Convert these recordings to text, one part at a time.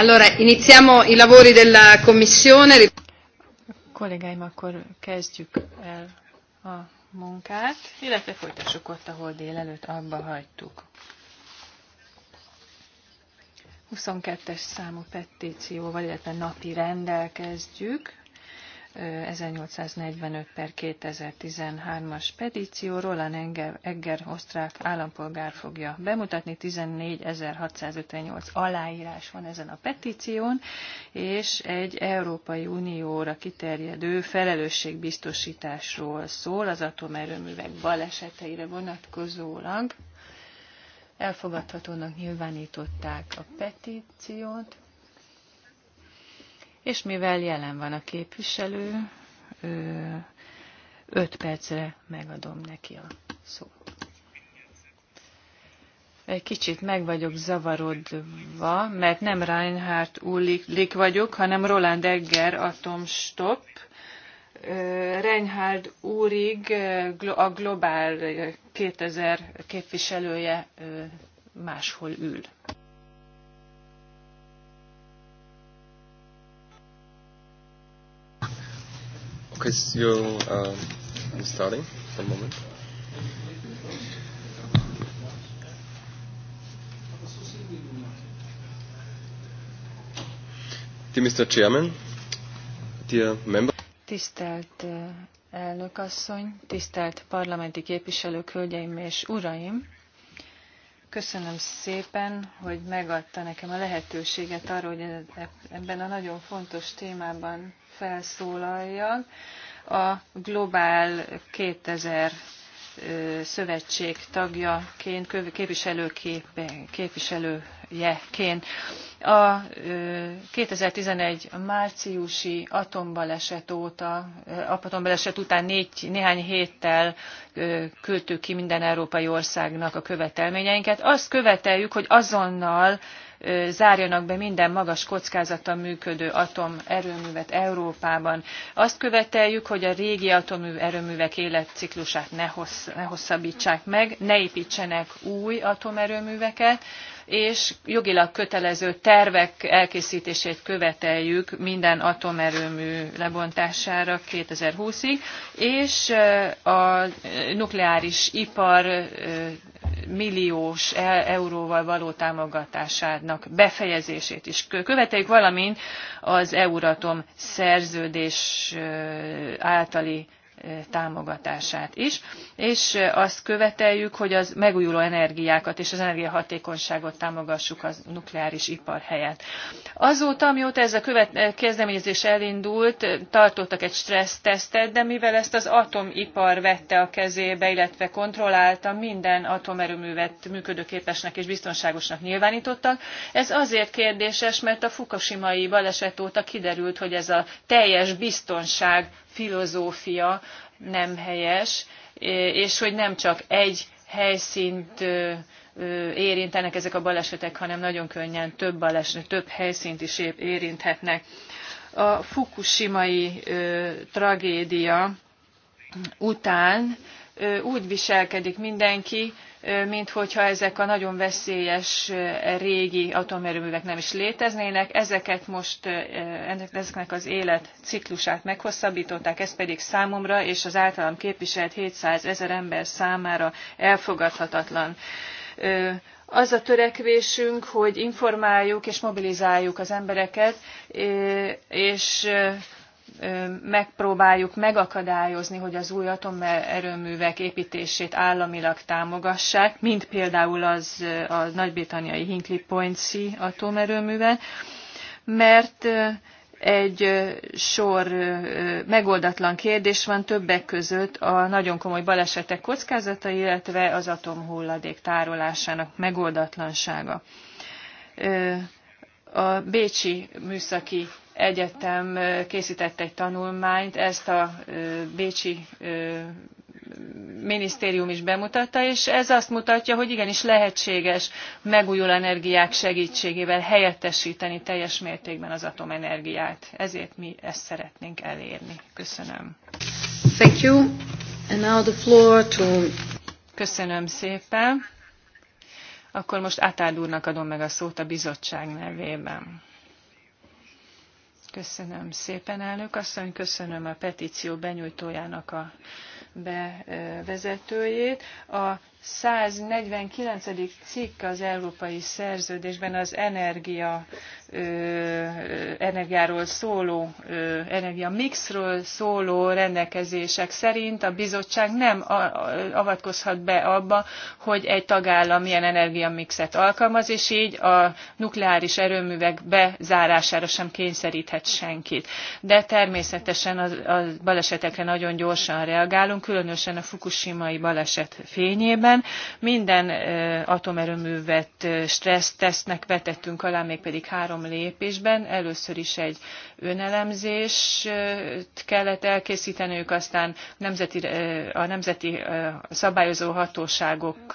Allora, iniziamo i lavori della Commissione. Kollégáim, akkor kezdjük el a munkát, illetve folytassuk ott, ahol délelőtt abba hagytuk. 22-es számú petícióval, illetve napi rendel kezdjük. 1845 per 2013-as petíció. Roland Enger, Egger osztrák állampolgár fogja bemutatni. 14.658 aláírás van ezen a petíción, és egy Európai Unióra kiterjedő felelősségbiztosításról szól az atomerőművek baleseteire vonatkozólag. Elfogadhatónak nyilvánították a petíciót és mivel jelen van a képviselő, öt percre megadom neki a szót. Egy kicsit meg vagyok zavarodva, mert nem Reinhardt Ullik vagyok, hanem Roland Egger atomstop. Reinhard Úrig, a Globál 2000 képviselője máshol ül. because you, um, I'm starting for a moment. Dear Mr. Chairman, dear member. Tisztelt uh, elnökasszony, tisztelt parlamenti képviselők, hölgyeim és uraim! Köszönöm szépen, hogy megadta nekem a lehetőséget arra, hogy ebben a nagyon fontos témában felszólaljak. A Globál 2000 szövetség tagjaként, képviselőjeként. A 2011 márciusi atombaleset, óta, atombaleset után négy, néhány héttel küldtük ki minden európai országnak a követelményeinket. Azt követeljük, hogy azonnal zárjanak be minden magas kockázata működő atomerőművet Európában. Azt követeljük, hogy a régi atomerőművek életciklusát ne, hossz, ne hosszabbítsák meg, ne építsenek új atomerőműveket, és jogilag kötelező tervek elkészítését követeljük minden atomerőmű lebontására 2020-ig, és eh, a nukleáris ipar eh, milliós e, euróval való támogatásának befejezését is követeljük, valamint az Euratom szerződés eh, általi támogatását is, és azt követeljük, hogy az megújuló energiákat és az energiahatékonyságot támogassuk az nukleáris ipar helyett. Azóta, amióta ez a követ, kezdeményezés elindult, tartottak egy stressztesztet, de mivel ezt az atomipar vette a kezébe, illetve kontrollálta, minden atomerőművet működőképesnek és biztonságosnak nyilvánítottak. Ez azért kérdéses, mert a fukushimai baleset óta kiderült, hogy ez a teljes biztonság filozófia nem helyes, és hogy nem csak egy helyszínt érintenek ezek a balesetek, hanem nagyon könnyen több baleset, több helyszínt is érinthetnek. A fukushimai tragédia után úgy viselkedik mindenki, mint ezek a nagyon veszélyes régi atomerőművek nem is léteznének. Ezeket most, ezeknek az életciklusát meghosszabbították, ez pedig számomra és az általam képviselt 700 ezer ember számára elfogadhatatlan az a törekvésünk, hogy informáljuk és mobilizáljuk az embereket, és megpróbáljuk megakadályozni, hogy az új atomerőművek építését államilag támogassák, mint például az a nagy-britanniai Hinkley Point C atomerőművel, mert egy sor megoldatlan kérdés van többek között a nagyon komoly balesetek kockázata, illetve az atomhulladék tárolásának megoldatlansága. A Bécsi Műszaki Egyetem készített egy tanulmányt, ezt a Bécsi minisztérium is bemutatta, és ez azt mutatja, hogy igenis lehetséges megújuló energiák segítségével helyettesíteni teljes mértékben az atomenergiát. Ezért mi ezt szeretnénk elérni. Köszönöm. Thank you. And now the floor to... Köszönöm szépen. Akkor most Átád úrnak adom meg a szót a bizottság nevében. Köszönöm szépen, elnök asszony, köszönöm a petíció benyújtójának a bevezetőjét. A 149. cikk az európai szerződésben az energia, ö, energiáról szóló, energia mixről szóló rendelkezések szerint a bizottság nem avatkozhat be abba, hogy egy tagállam milyen energiamixet alkalmaz, és így a nukleáris erőművek bezárására sem kényszeríthet senkit. De természetesen a, a balesetekre nagyon gyorsan reagálunk, különösen a fukushimai baleset fényében ellen. Minden atomerőművet stressztesznek vetettünk alá, mégpedig három lépésben. Először is egy önelemzést kellett elkészíteniük, aztán nemzeti, a nemzeti szabályozó hatóságok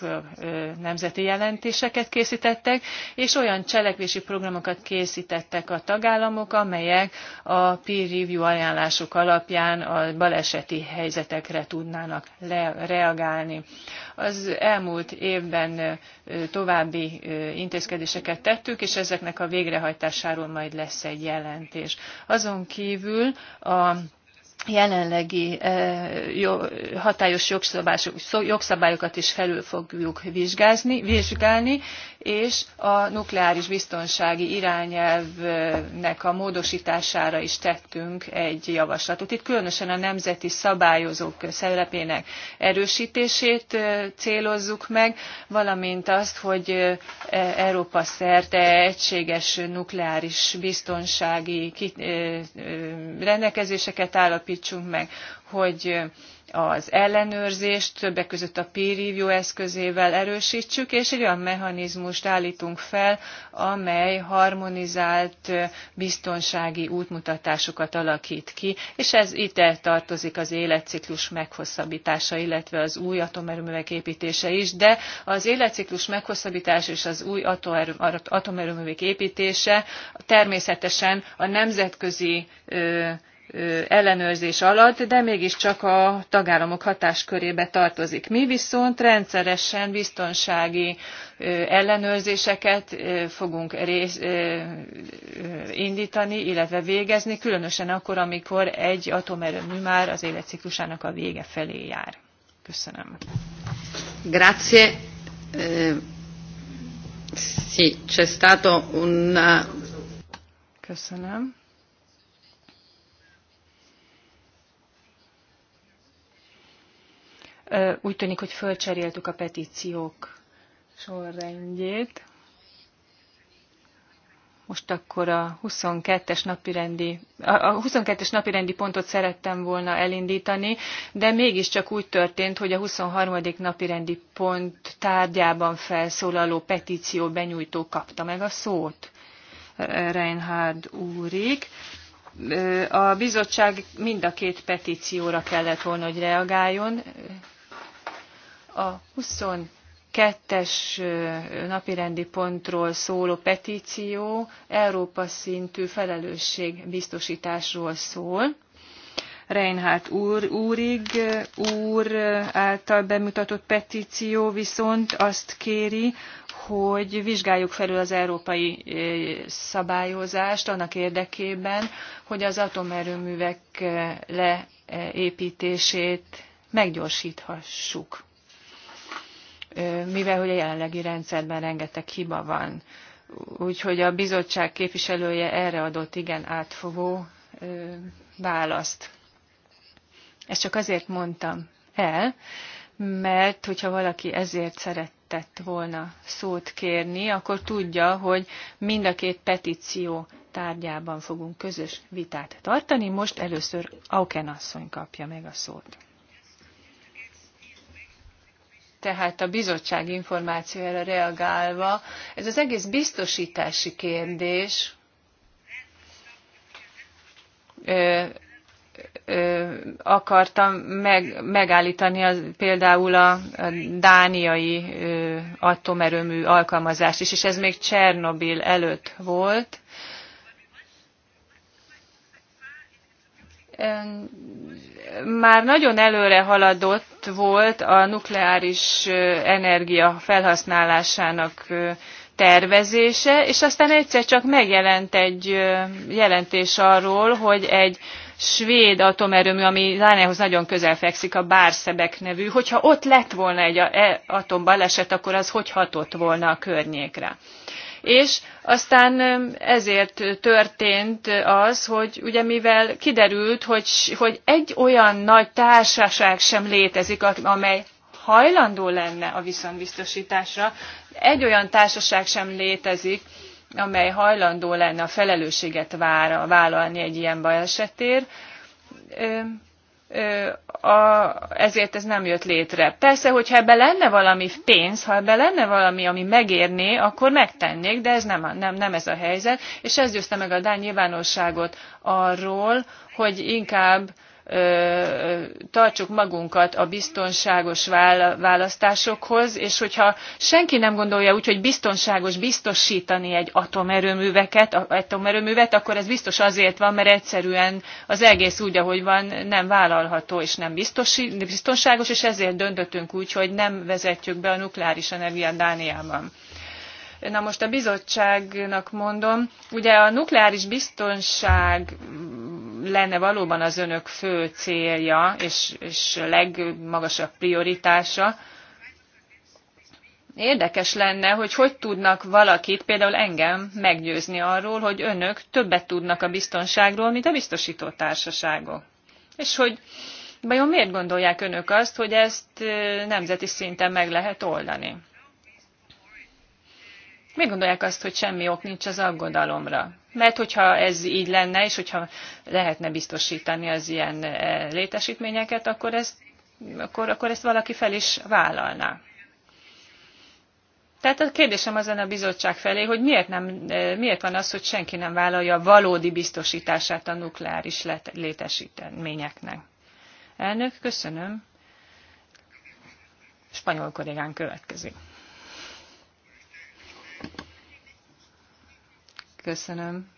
nemzeti jelentéseket készítettek, és olyan cselekvési programokat készítettek a tagállamok, amelyek a peer review ajánlások alapján a baleseti helyzetekre tudnának le, reagálni. Az elmúlt évben további intézkedéseket tettük, és ezeknek a végrehajtásáról majd lesz egy jelentés. Azon kívül a jelenlegi hatályos jogszabályokat is felül fogjuk vizsgálni, és a nukleáris biztonsági irányelvnek a módosítására is tettünk egy javaslatot. Itt különösen a nemzeti szabályozók szerepének erősítését célozzuk meg, valamint azt, hogy e, Európa szerte egységes nukleáris biztonsági rendelkezéseket állapítsunk meg, hogy az ellenőrzést többek között a peer review eszközével erősítsük, és egy olyan mechanizmust állítunk fel, amely harmonizált biztonsági útmutatásokat alakít ki, és ez itt tartozik az életciklus meghosszabbítása, illetve az új atomerőművek építése is, de az életciklus meghosszabbítása és az új atomerőművek építése természetesen a nemzetközi ellenőrzés alatt, de mégiscsak a tagállamok hatáskörébe tartozik. Mi viszont rendszeresen biztonsági ellenőrzéseket fogunk rész, indítani, illetve végezni, különösen akkor, amikor egy atomerőmű már az életciklusának a vége felé jár. Köszönöm. Grazie. Sì, c'è stato un... Köszönöm Úgy tűnik, hogy fölcseréltük a petíciók sorrendjét. Most akkor a 22-es napirendi, a 22-es napirendi pontot szerettem volna elindítani, de mégiscsak úgy történt, hogy a 23. napirendi pont tárgyában felszólaló petíció benyújtó kapta meg a szót. Reinhard úrig. A bizottság mind a két petícióra kellett volna, hogy reagáljon a 22-es napirendi pontról szóló petíció Európa szintű felelősségbiztosításról szól. Reinhardt úr, úrig, úr által bemutatott petíció viszont azt kéri, hogy vizsgáljuk felül az európai szabályozást annak érdekében, hogy az atomerőművek leépítését meggyorsíthassuk mivel hogy a jelenlegi rendszerben rengeteg hiba van. Úgyhogy a bizottság képviselője erre adott igen átfogó választ. Ezt csak azért mondtam el, mert hogyha valaki ezért szeretett volna szót kérni, akkor tudja, hogy mind a két petíció tárgyában fogunk közös vitát tartani. Most először Auken asszony kapja meg a szót tehát a bizottság információjára reagálva, ez az egész biztosítási kérdés ö, ö, akartam meg, megállítani az, például a, a dániai ö, atomerőmű alkalmazást is, és ez még Csernobil előtt volt már nagyon előre haladott volt a nukleáris energia felhasználásának tervezése, és aztán egyszer csak megjelent egy jelentés arról, hogy egy svéd atomerőmű, ami Lányához nagyon közel fekszik, a Bárszebek nevű, hogyha ott lett volna egy e, atombaleset, akkor az hogy hatott volna a környékre és aztán ezért történt az, hogy ugye mivel kiderült, hogy, hogy egy olyan nagy társaság sem létezik, amely hajlandó lenne a viszontbiztosításra egy olyan társaság sem létezik, amely hajlandó lenne a felelősséget vára, vállalni egy ilyen balesetért, a, ezért ez nem jött létre. Persze, hogyha ebben lenne valami pénz, ha ebben lenne valami, ami megérné, akkor megtennék, de ez nem, nem, nem ez a helyzet, és ez győzte meg a Dán nyilvánosságot arról, hogy inkább tartsuk magunkat a biztonságos választásokhoz, és hogyha senki nem gondolja úgy, hogy biztonságos biztosítani egy atomerőműveket, atomerőművet, akkor ez biztos azért van, mert egyszerűen az egész úgy, ahogy van, nem vállalható és nem biztonságos, és ezért döntöttünk úgy, hogy nem vezetjük be a nukleáris energiát Dániában. Na most a bizottságnak mondom, ugye a nukleáris biztonság lenne valóban az önök fő célja és, és legmagasabb prioritása. Érdekes lenne, hogy hogy tudnak valakit, például engem meggyőzni arról, hogy önök többet tudnak a biztonságról, mint a biztosító társaságok. És hogy vajon miért gondolják önök azt, hogy ezt nemzeti szinten meg lehet oldani? Miért gondolják azt, hogy semmi ok nincs az aggodalomra? Mert hogyha ez így lenne, és hogyha lehetne biztosítani az ilyen eh, létesítményeket, akkor ezt, akkor, akkor ezt valaki fel is vállalná. Tehát a kérdésem az a bizottság felé, hogy miért, nem, eh, miért van az, hogy senki nem vállalja a valódi biztosítását a nukleáris létesítményeknek. Elnök, köszönöm. Spanyol kollégán következik. Köszönöm.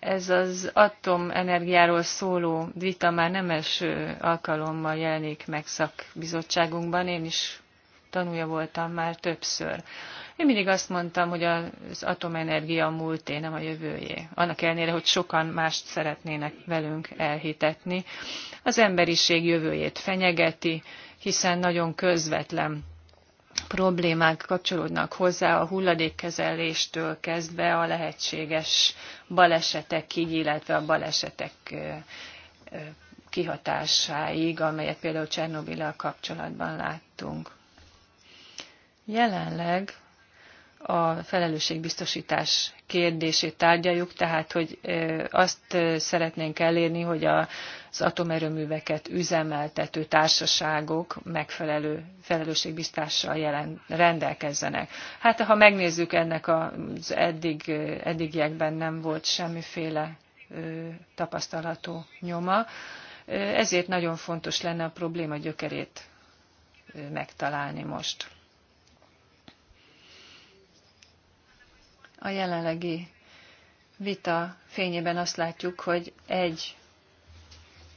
Ez az atomenergiáról szóló vita már nem első alkalommal jelenik meg szakbizottságunkban. Én is tanulja voltam már többször. Én mindig azt mondtam, hogy az atomenergia a múlté, nem a jövőjé. Annak ellenére, hogy sokan mást szeretnének velünk elhitetni. Az emberiség jövőjét fenyegeti, hiszen nagyon közvetlen problémák kapcsolódnak hozzá a hulladékkezeléstől kezdve a lehetséges balesetekig, illetve a balesetek kihatásáig, amelyet például Csernobillal kapcsolatban láttunk. Jelenleg a felelősségbiztosítás kérdését tárgyaljuk, tehát hogy azt szeretnénk elérni, hogy az atomerőműveket üzemeltető társaságok megfelelő felelősségbiztással jelen, rendelkezzenek. Hát ha megnézzük ennek az eddig, eddigiekben nem volt semmiféle tapasztalható nyoma, ezért nagyon fontos lenne a probléma gyökerét megtalálni most. a jelenlegi vita fényében azt látjuk, hogy egy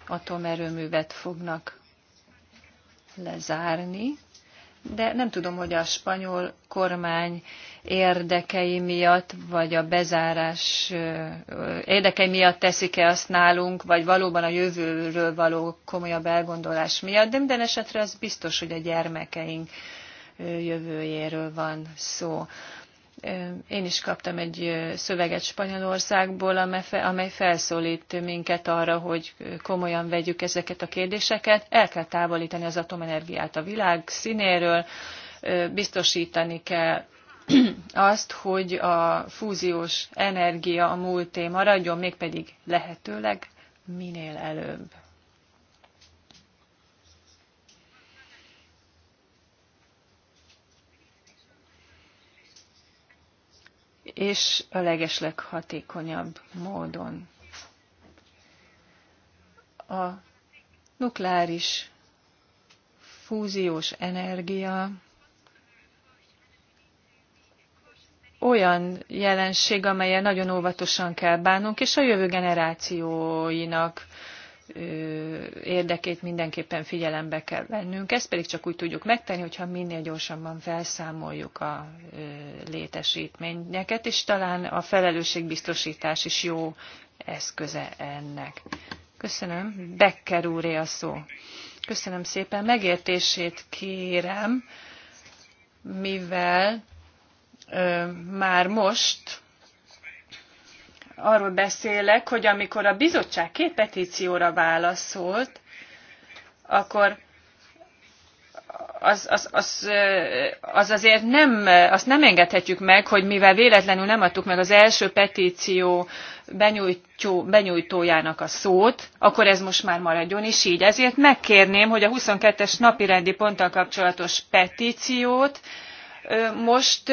atomerőművet fognak lezárni, de nem tudom, hogy a spanyol kormány érdekei miatt, vagy a bezárás érdekei miatt teszik-e azt nálunk, vagy valóban a jövőről való komolyabb elgondolás miatt, de minden esetre az biztos, hogy a gyermekeink jövőjéről van szó. Én is kaptam egy szöveget Spanyolországból, amely felszólít minket arra, hogy komolyan vegyük ezeket a kérdéseket. El kell távolítani az atomenergiát a világ színéről, biztosítani kell azt, hogy a fúziós energia a múlté maradjon, mégpedig lehetőleg minél előbb. és a legesleg hatékonyabb módon. A nukleáris fúziós energia olyan jelenség, amelyen nagyon óvatosan kell bánnunk, és a jövő generációinak érdekét mindenképpen figyelembe kell vennünk. Ezt pedig csak úgy tudjuk megtenni, hogyha minél gyorsabban felszámoljuk a létesítményeket, és talán a felelősségbiztosítás is jó eszköze ennek. Köszönöm. Becker úré a szó. Köszönöm szépen. Megértését kérem, mivel ö, már most arról beszélek, hogy amikor a bizottság két petícióra válaszolt, akkor az, az, az, az azért nem, azt nem engedhetjük meg, hogy mivel véletlenül nem adtuk meg az első petíció benyújtó, benyújtójának a szót, akkor ez most már maradjon is így. Ezért megkérném, hogy a 22-es napirendi ponttal kapcsolatos petíciót most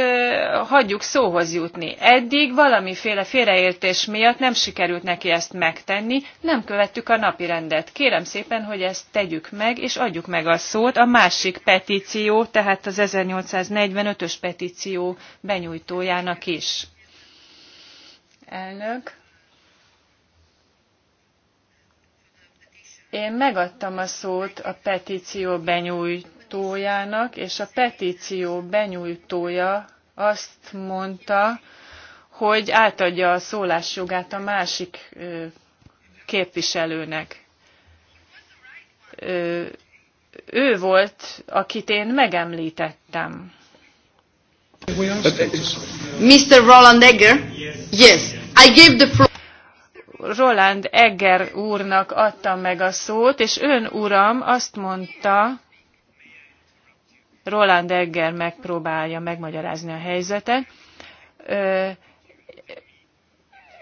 hagyjuk szóhoz jutni. Eddig valamiféle félreértés miatt nem sikerült neki ezt megtenni, nem követtük a napi rendet. Kérem szépen, hogy ezt tegyük meg, és adjuk meg a szót a másik petíció, tehát az 1845-ös petíció benyújtójának is. Elnök. Én megadtam a szót a petíció benyújtójának benyújtójának és a petíció benyújtója azt mondta, hogy átadja a szólásjogát a másik képviselőnek. Ő volt, akit én megemlítettem. Mr. Roland Egger? Yes, I gave the floor. Roland Egger úrnak adtam meg a szót, és ön uram azt mondta, Roland Egger megpróbálja megmagyarázni a helyzetet.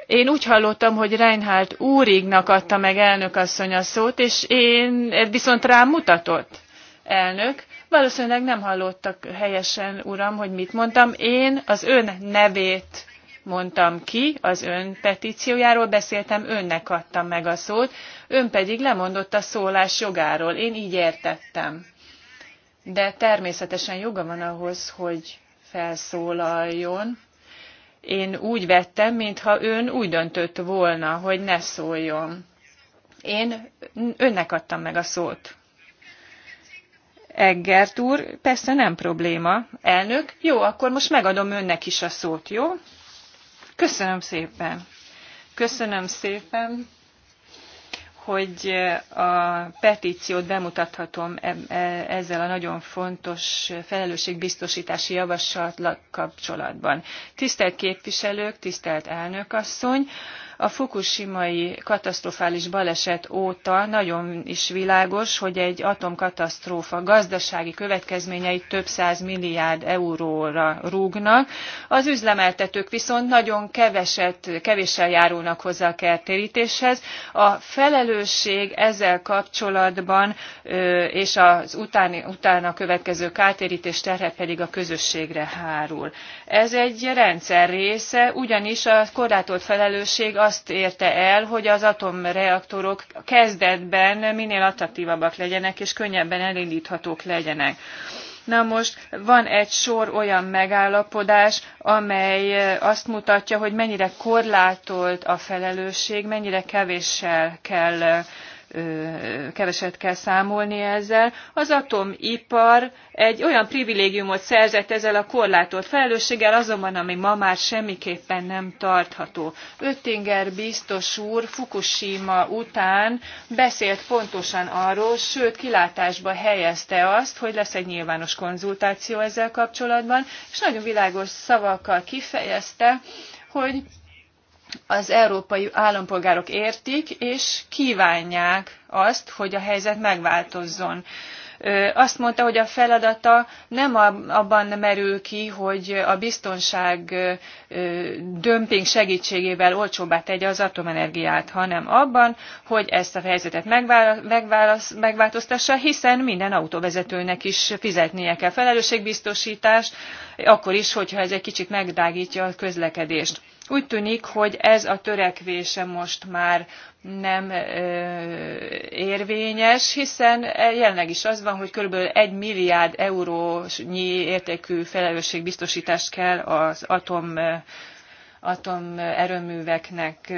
Én úgy hallottam, hogy Reinhardt úrignak adta meg asszony a szót, és én viszont rám mutatott elnök. Valószínűleg nem hallottak helyesen, uram, hogy mit mondtam. Én az ön nevét mondtam ki, az ön petíciójáról beszéltem, önnek adtam meg a szót, ön pedig lemondott a szólás jogáról. Én így értettem de természetesen joga van ahhoz, hogy felszólaljon. Én úgy vettem, mintha ön úgy döntött volna, hogy ne szóljon. Én önnek adtam meg a szót. Eggert úr, persze nem probléma. Elnök, jó, akkor most megadom önnek is a szót, jó? Köszönöm szépen. Köszönöm szépen hogy a petíciót bemutathatom e, e, ezzel a nagyon fontos felelősségbiztosítási javaslat kapcsolatban. Tisztelt képviselők, tisztelt elnökasszony! A fukushimai katasztrofális baleset óta nagyon is világos, hogy egy atomkatasztrófa gazdasági következményei több száz milliárd euróra rúgnak. Az üzemeltetők viszont nagyon keveset, kevéssel járulnak hozzá a kártérítéshez. A felelősség ezzel kapcsolatban és az utáni, utána következő kártértés terhe pedig a közösségre hárul. Ez egy rendszer része, ugyanis a korlátolt felelősség azt érte el, hogy az atomreaktorok kezdetben minél attraktívabbak legyenek, és könnyebben elindíthatók legyenek. Na most van egy sor olyan megállapodás, amely azt mutatja, hogy mennyire korlátolt a felelősség, mennyire kevéssel kell keveset kell számolni ezzel. Az atomipar egy olyan privilégiumot szerzett ezzel a korlátolt felelősséggel, azonban ami ma már semmiképpen nem tartható. Öttinger biztos úr Fukushima után beszélt pontosan arról, sőt kilátásba helyezte azt, hogy lesz egy nyilvános konzultáció ezzel kapcsolatban, és nagyon világos szavakkal kifejezte, hogy az európai állampolgárok értik, és kívánják azt, hogy a helyzet megváltozzon. Azt mondta, hogy a feladata nem abban merül ki, hogy a biztonság dömping segítségével olcsóbbá tegye az atomenergiát, hanem abban, hogy ezt a helyzetet megváltoztassa, hiszen minden autóvezetőnek is fizetnie kell felelősségbiztosítást, akkor is, hogyha ez egy kicsit megdrágítja a közlekedést úgy tűnik, hogy ez a törekvése most már nem ö, érvényes, hiszen jelenleg is az van, hogy kb. 1 milliárd eurónyi értékű felelősségbiztosítást kell az atom atomerőműveknek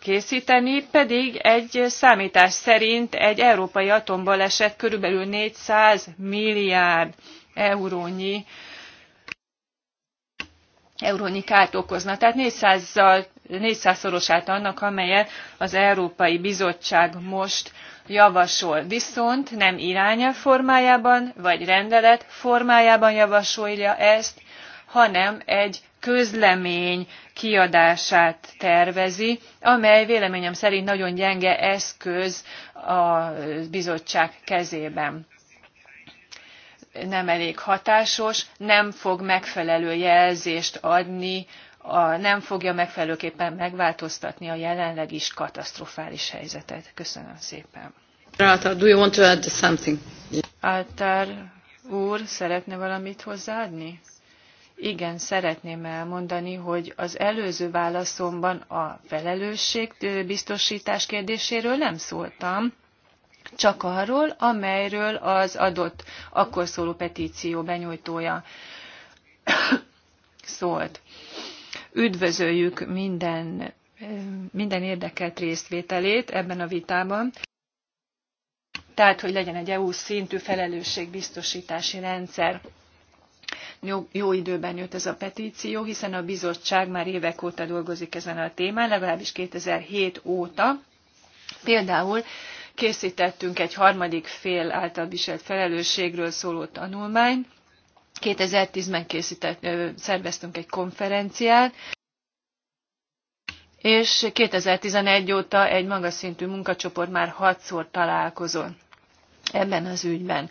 készíteni, pedig egy számítás szerint egy európai atombaleset körülbelül 400 milliárd eurónyi eurónyi kárt okozna. Tehát 400 szorosát annak, amelyet az Európai Bizottság most javasol. Viszont nem irányelv formájában, vagy rendelet formájában javasolja ezt, hanem egy közlemény kiadását tervezi, amely véleményem szerint nagyon gyenge eszköz a bizottság kezében nem elég hatásos, nem fog megfelelő jelzést adni, a, nem fogja megfelelőképpen megváltoztatni a jelenleg is katasztrofális helyzetet. Köszönöm szépen. Ráta, do you want to add something? Áltár úr, szeretne valamit hozzáadni? Igen, szeretném elmondani, hogy az előző válaszomban a felelősség biztosítás kérdéséről nem szóltam csak arról, amelyről az adott akkor szóló petíció benyújtója szólt. Üdvözöljük minden, minden érdekelt részvételét ebben a vitában. Tehát, hogy legyen egy EU szintű felelősségbiztosítási rendszer. Jó, jó időben jött ez a petíció, hiszen a bizottság már évek óta dolgozik ezen a témán, legalábbis 2007 óta. Például készítettünk egy harmadik fél által viselt felelősségről szóló tanulmányt. 2010-ben készített, szerveztünk egy konferenciát, és 2011 óta egy magas szintű munkacsoport már hatszor találkozott ebben az ügyben.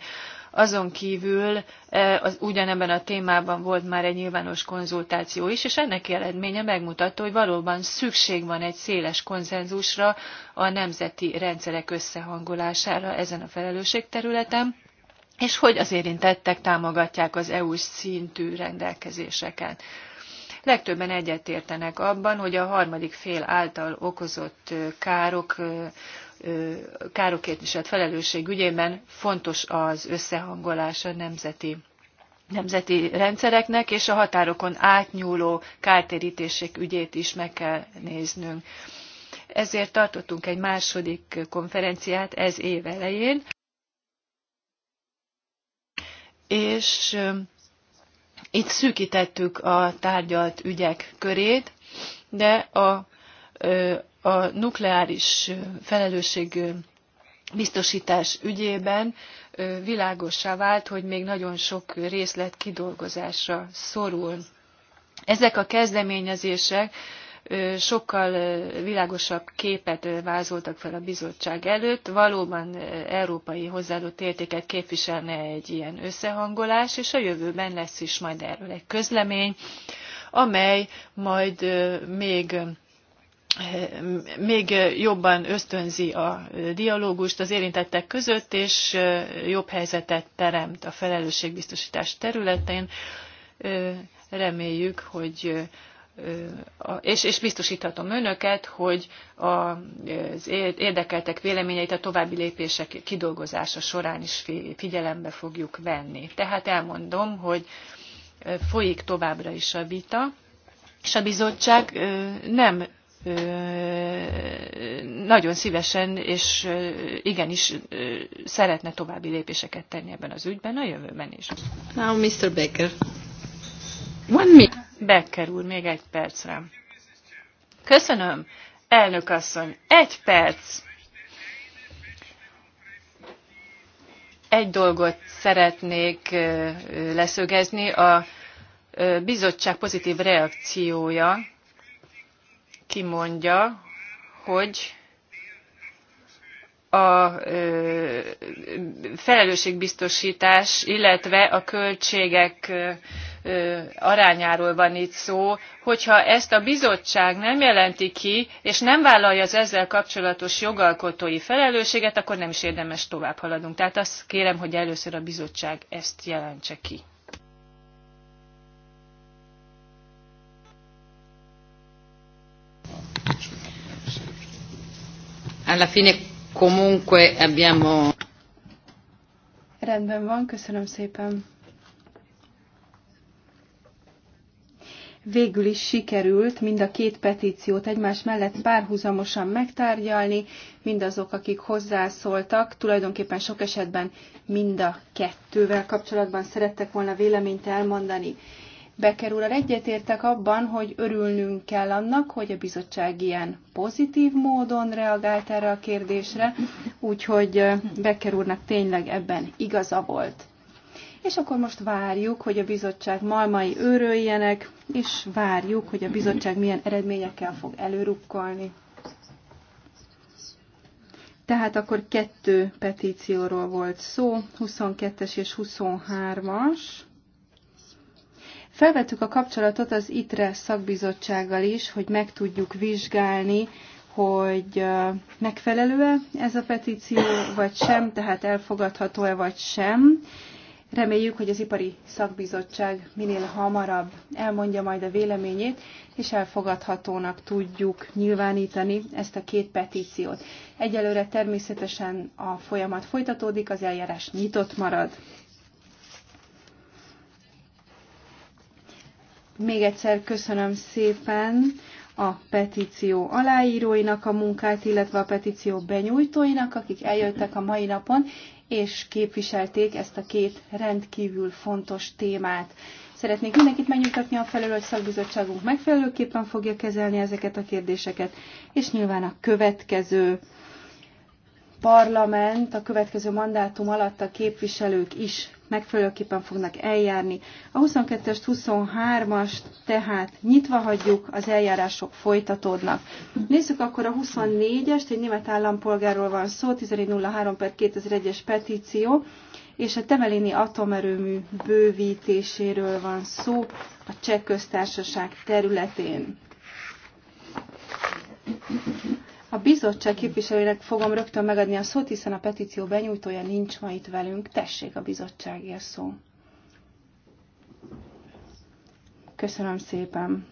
Azon kívül e, az ugyanebben a témában volt már egy nyilvános konzultáció is, és ennek eredménye megmutatta, hogy valóban szükség van egy széles konzenzusra a nemzeti rendszerek összehangolására ezen a felelősségterületen és hogy az érintettek támogatják az EU-s szintű rendelkezéseket. Legtöbben egyetértenek abban, hogy a harmadik fél által okozott e, károk e, károkért viselt hát felelősség ügyében fontos az összehangolás a nemzeti nemzeti rendszereknek, és a határokon átnyúló kártérítések ügyét is meg kell néznünk. Ezért tartottunk egy második konferenciát ez év elején, és itt szűkítettük a tárgyalt ügyek körét, de a, a nukleáris felelősség biztosítás ügyében világossá vált, hogy még nagyon sok részlet kidolgozásra szorul. Ezek a kezdeményezések sokkal világosabb képet vázoltak fel a bizottság előtt. Valóban európai hozzáadott értéket képviselne egy ilyen összehangolás, és a jövőben lesz is majd erről egy közlemény, amely majd még még jobban ösztönzi a dialógust az érintettek között, és jobb helyzetet teremt a felelősségbiztosítás területén. Reméljük, hogy és, és biztosíthatom önöket, hogy az érdekeltek véleményeit a további lépések kidolgozása során is figyelembe fogjuk venni. Tehát elmondom, hogy folyik továbbra is a vita, és a bizottság nem nagyon szívesen és igenis szeretne további lépéseket tenni ebben az ügyben a jövőben is. Now, Mr. Becker. One minute. Becker úr, még egy percre. Köszönöm, elnök asszony. Egy perc. Egy dolgot szeretnék leszögezni, a bizottság pozitív reakciója kimondja, hogy a felelősségbiztosítás, illetve a költségek arányáról van itt szó, hogyha ezt a bizottság nem jelenti ki, és nem vállalja az ezzel kapcsolatos jogalkotói felelősséget, akkor nem is érdemes tovább haladunk. Tehát azt kérem, hogy először a bizottság ezt jelentse ki. alla fine comunque abbiamo... Rendben van, köszönöm szépen. Végül is sikerült mind a két petíciót egymás mellett párhuzamosan megtárgyalni, mindazok, akik hozzászóltak, tulajdonképpen sok esetben mind a kettővel kapcsolatban szerettek volna véleményt elmondani. Becker úrral egyetértek abban, hogy örülnünk kell annak, hogy a bizottság ilyen pozitív módon reagált erre a kérdésre, úgyhogy Becker úrnak tényleg ebben igaza volt. És akkor most várjuk, hogy a bizottság malmai őröljenek, és várjuk, hogy a bizottság milyen eredményekkel fog előrukkolni. Tehát akkor kettő petícióról volt szó, 22-es és 23-as. Felvettük a kapcsolatot az ITRE szakbizottsággal is, hogy meg tudjuk vizsgálni, hogy megfelelő-e ez a petíció, vagy sem, tehát elfogadható-e, vagy sem. Reméljük, hogy az Ipari Szakbizottság minél hamarabb elmondja majd a véleményét, és elfogadhatónak tudjuk nyilvánítani ezt a két petíciót. Egyelőre természetesen a folyamat folytatódik, az eljárás nyitott marad. Még egyszer köszönöm szépen a petíció aláíróinak a munkát, illetve a petíció benyújtóinak, akik eljöttek a mai napon, és képviselték ezt a két rendkívül fontos témát. Szeretnék mindenkit megnyugtatni a felelő, hogy szakbizottságunk megfelelőképpen fogja kezelni ezeket a kérdéseket, és nyilván a következő parlament, a következő mandátum alatt a képviselők is megfelelőképpen fognak eljárni. A 22-est, 23-ast tehát nyitva hagyjuk, az eljárások folytatódnak. Nézzük akkor a 24-est, egy német állampolgárról van szó, 1103 per 2001-es petíció, és a temeléni atomerőmű bővítéséről van szó a cseh köztársaság területén. A bizottság képviselőnek fogom rögtön megadni a szót, hiszen a petíció benyújtója nincs ma itt velünk. Tessék a bizottságért szó. Köszönöm szépen.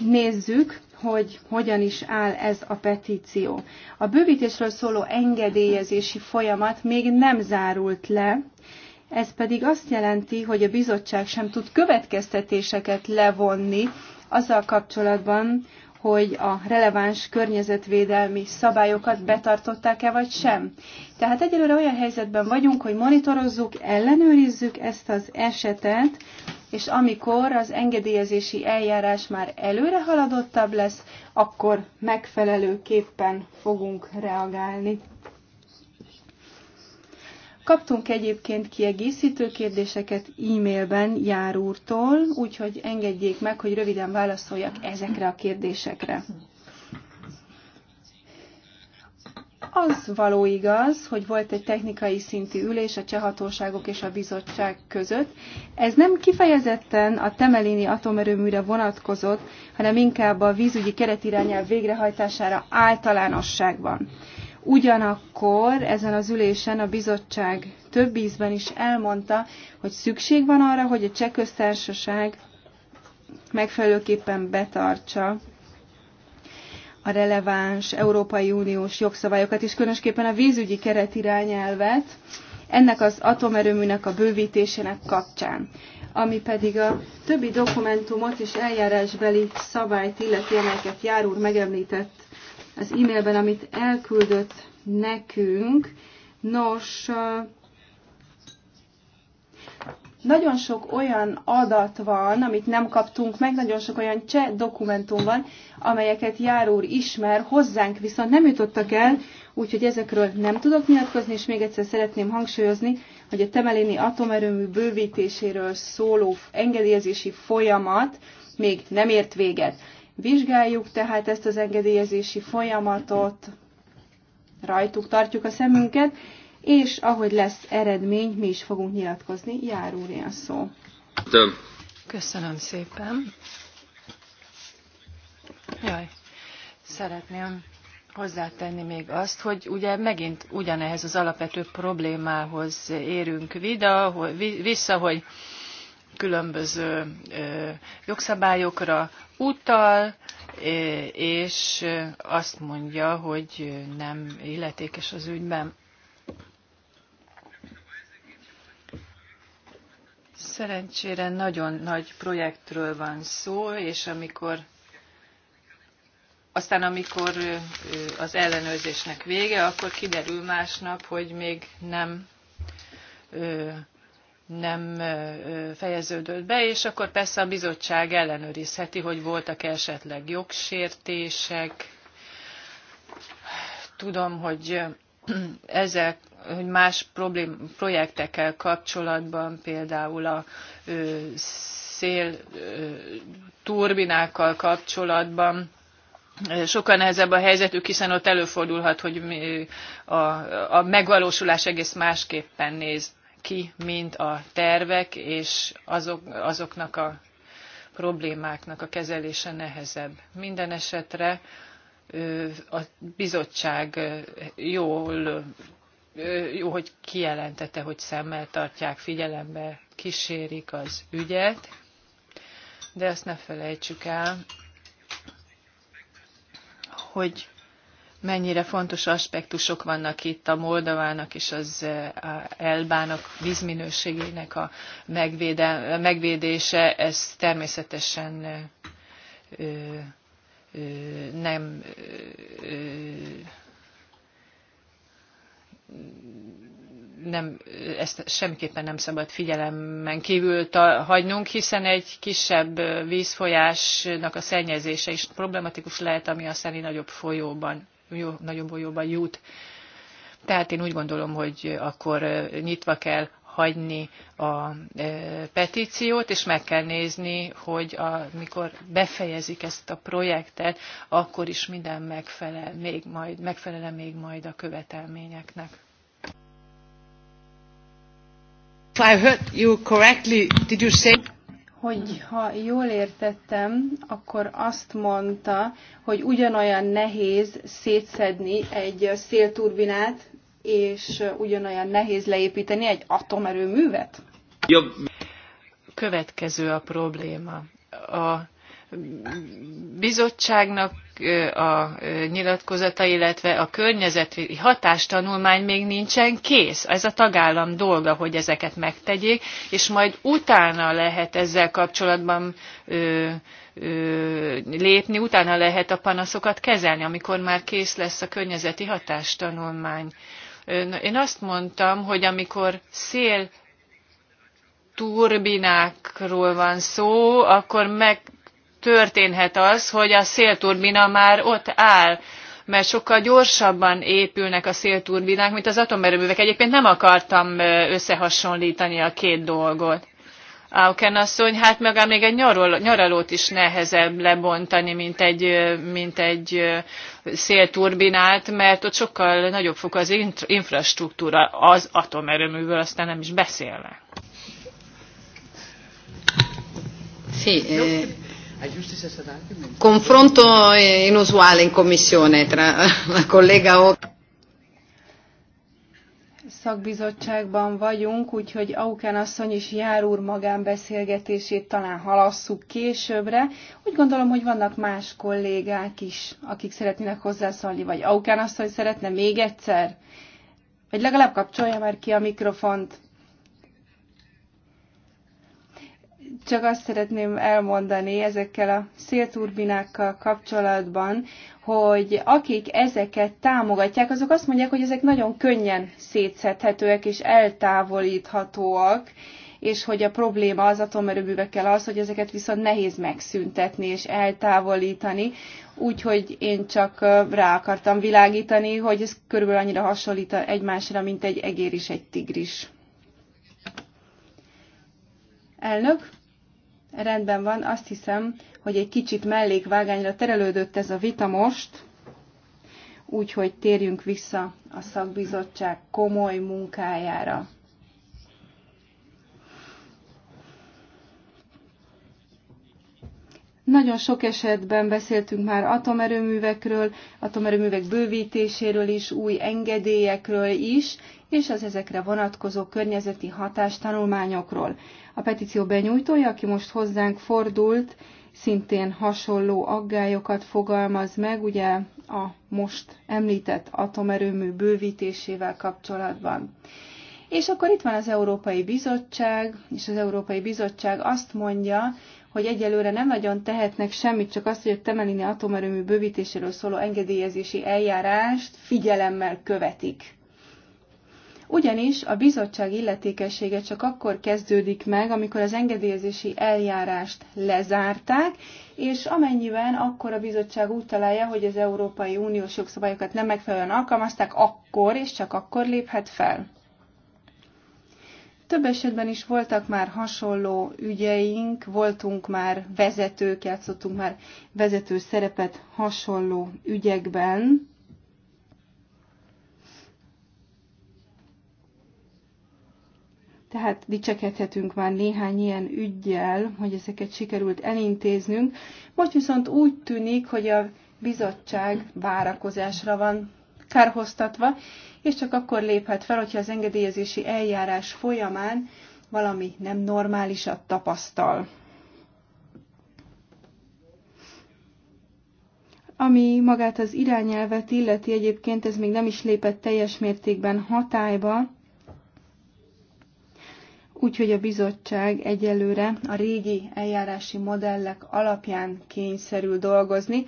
Nézzük, hogy hogyan is áll ez a petíció. A bővítésről szóló engedélyezési folyamat még nem zárult le, ez pedig azt jelenti, hogy a bizottság sem tud következtetéseket levonni azzal kapcsolatban, hogy a releváns környezetvédelmi szabályokat betartották-e vagy sem. Tehát egyelőre olyan helyzetben vagyunk, hogy monitorozzuk, ellenőrizzük ezt az esetet, és amikor az engedélyezési eljárás már előre haladottabb lesz, akkor megfelelőképpen fogunk reagálni. Kaptunk egyébként kiegészítő kérdéseket e-mailben Jár úrtól, úgyhogy engedjék meg, hogy röviden válaszoljak ezekre a kérdésekre. Az való igaz, hogy volt egy technikai szintű ülés a csehatóságok és a bizottság között. Ez nem kifejezetten a temelini atomerőműre vonatkozott, hanem inkább a vízügyi keretirányel végrehajtására általánosságban. Ugyanakkor ezen az ülésen a bizottság több ízben is elmondta, hogy szükség van arra, hogy a cseh köztársaság megfelelőképpen betartsa a releváns Európai Uniós jogszabályokat, és különösképpen a vízügyi keretirányelvet ennek az atomerőműnek a bővítésének kapcsán ami pedig a többi dokumentumot és eljárásbeli szabályt illeti, amelyeket Jár úr megemlített az e-mailben, amit elküldött nekünk. Nos, nagyon sok olyan adat van, amit nem kaptunk meg, nagyon sok olyan cseh dokumentum van, amelyeket Jár úr ismer, hozzánk viszont nem jutottak el, úgyhogy ezekről nem tudok nyilatkozni, és még egyszer szeretném hangsúlyozni, hogy a temeléni atomerőmű bővítéséről szóló engedélyezési folyamat még nem ért véget. Vizsgáljuk tehát ezt az engedélyezési folyamatot, rajtuk tartjuk a szemünket, és ahogy lesz eredmény, mi is fogunk nyilatkozni. Jár úr, ilyen szó. Köszönöm szépen. Jaj, szeretném hozzátenni még azt, hogy ugye megint ugyanehhez az alapvető problémához érünk vida, vissza, hogy különböző jogszabályokra utal, és azt mondja, hogy nem illetékes az ügyben. Szerencsére nagyon nagy projektről van szó, és amikor aztán amikor az ellenőrzésnek vége, akkor kiderül másnap, hogy még nem nem fejeződött be, és akkor persze a bizottság ellenőrizheti, hogy voltak -e esetleg jogsértések. Tudom, hogy ezek, hogy más problém, projektekkel kapcsolatban, például a ö, szél ö, turbinákkal kapcsolatban sokkal nehezebb a helyzetük, hiszen ott előfordulhat, hogy a, a megvalósulás egész másképpen néz ki, mint a tervek, és azok, azoknak a problémáknak a kezelése nehezebb. Minden esetre a bizottság jól jó, hogy kijelentette, hogy szemmel tartják, figyelembe kísérik az ügyet, de azt ne felejtsük el, hogy mennyire fontos aspektusok vannak itt a Moldovának és az eh, Elbának vízminőségének a megvédése. Ez természetesen eh, eh, nem nem, ezt semmiképpen nem szabad figyelemmen kívül hagynunk, hiszen egy kisebb vízfolyásnak a szennyezése is problematikus lehet, ami a egy nagyobb folyóban jó, nagyon jobban jut. Tehát én úgy gondolom, hogy akkor nyitva kell hagyni a petíciót, és meg kell nézni, hogy amikor befejezik ezt a projektet, akkor is minden megfelel, még majd, megfelele még majd a követelményeknek. If I heard you correctly, did you say hogy ha jól értettem, akkor azt mondta, hogy ugyanolyan nehéz szétszedni egy szélturbinát, és ugyanolyan nehéz leépíteni egy atomerőművet? Jobb. Következő a probléma. A bizottságnak a nyilatkozata, illetve a környezeti hatástanulmány még nincsen kész. Ez a tagállam dolga, hogy ezeket megtegyék, és majd utána lehet ezzel kapcsolatban ö, ö, lépni, utána lehet a panaszokat kezelni, amikor már kész lesz a környezeti hatástanulmány. Én azt mondtam, hogy amikor szél turbinákról van szó, akkor meg történhet az, hogy a szélturbina már ott áll, mert sokkal gyorsabban épülnek a szélturbinák, mint az atomerőművek. Egyébként nem akartam összehasonlítani a két dolgot. Auken asszony, hát meg még egy nyarol, nyaralót is nehezebb lebontani, mint egy, mint egy szélturbinát, mert ott sokkal nagyobb fok az infrastruktúra, az atomerőművel, aztán nem is beszélve. Sí, eh, Confronto inusuale in commissione tra la collega Ock. Szakbizottságban vagyunk, úgyhogy Auken asszony is jár úr magánbeszélgetését talán halasszuk későbbre. Úgy gondolom, hogy vannak más kollégák is, akik szeretnének hozzászólni, vagy Auken asszony szeretne még egyszer? Vagy legalább kapcsolja már ki a mikrofont. Csak azt szeretném elmondani ezekkel a szélturbinákkal kapcsolatban, hogy akik ezeket támogatják, azok azt mondják, hogy ezek nagyon könnyen szétszedhetőek és eltávolíthatóak, és hogy a probléma az atomerőművekkel az, hogy ezeket viszont nehéz megszüntetni és eltávolítani, úgyhogy én csak rá akartam világítani, hogy ez körülbelül annyira hasonlít egymásra, mint egy egér és egy tigris. Elnök, Rendben van, azt hiszem, hogy egy kicsit mellékvágányra terelődött ez a vita most, úgyhogy térjünk vissza a szakbizottság komoly munkájára. Nagyon sok esetben beszéltünk már atomerőművekről, atomerőművek bővítéséről is, új engedélyekről is, és az ezekre vonatkozó környezeti hatástanulmányokról. A petíció benyújtója, aki most hozzánk fordult, szintén hasonló aggályokat fogalmaz meg, ugye a most említett atomerőmű bővítésével kapcsolatban. És akkor itt van az Európai Bizottság, és az Európai Bizottság azt mondja, hogy egyelőre nem nagyon tehetnek semmit, csak azt, hogy a temelini atomerőmű bővítéséről szóló engedélyezési eljárást figyelemmel követik. Ugyanis a bizottság illetékessége csak akkor kezdődik meg, amikor az engedélyezési eljárást lezárták, és amennyiben akkor a bizottság úgy találja, hogy az Európai Uniós jogszabályokat nem megfelelően alkalmazták, akkor és csak akkor léphet fel. Több esetben is voltak már hasonló ügyeink, voltunk már vezetők, játszottunk már vezető szerepet hasonló ügyekben. Tehát dicsekedhetünk már néhány ilyen ügyjel, hogy ezeket sikerült elintéznünk. Most viszont úgy tűnik, hogy a bizottság várakozásra van kárhoztatva, és csak akkor léphet fel, hogyha az engedélyezési eljárás folyamán valami nem normálisat tapasztal. Ami magát az irányelvet illeti egyébként, ez még nem is lépett teljes mértékben hatályba, úgyhogy a bizottság egyelőre a régi eljárási modellek alapján kényszerül dolgozni,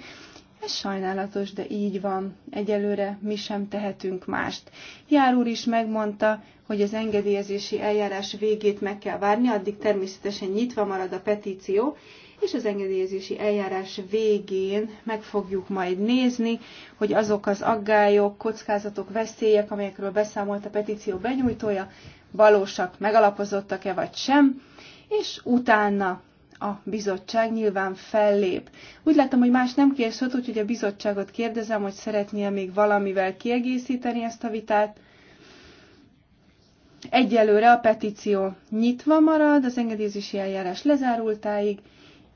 ez sajnálatos, de így van. Egyelőre mi sem tehetünk mást. Jár úr is megmondta, hogy az engedélyezési eljárás végét meg kell várni, addig természetesen nyitva marad a petíció, és az engedélyezési eljárás végén meg fogjuk majd nézni, hogy azok az aggályok, kockázatok, veszélyek, amelyekről beszámolt a petíció benyújtója, valósak, megalapozottak-e vagy sem, és utána a bizottság nyilván fellép. Úgy látom, hogy más nem készült, úgyhogy a bizottságot kérdezem, hogy szeretnél még valamivel kiegészíteni ezt a vitát. Egyelőre a petíció nyitva marad, az engedélyezési eljárás lezárultáig,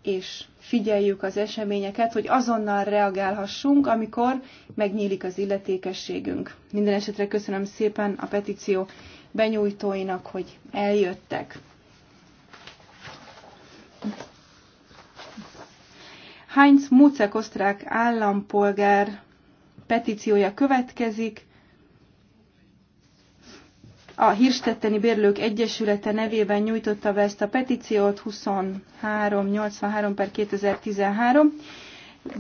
és figyeljük az eseményeket, hogy azonnal reagálhassunk, amikor megnyílik az illetékességünk. Minden esetre köszönöm szépen a petíció benyújtóinak, hogy eljöttek. Heinz Mucek osztrák állampolgár petíciója következik. A Hirstetteni Bérlők Egyesülete nevében nyújtotta be ezt a petíciót 2383 per 2013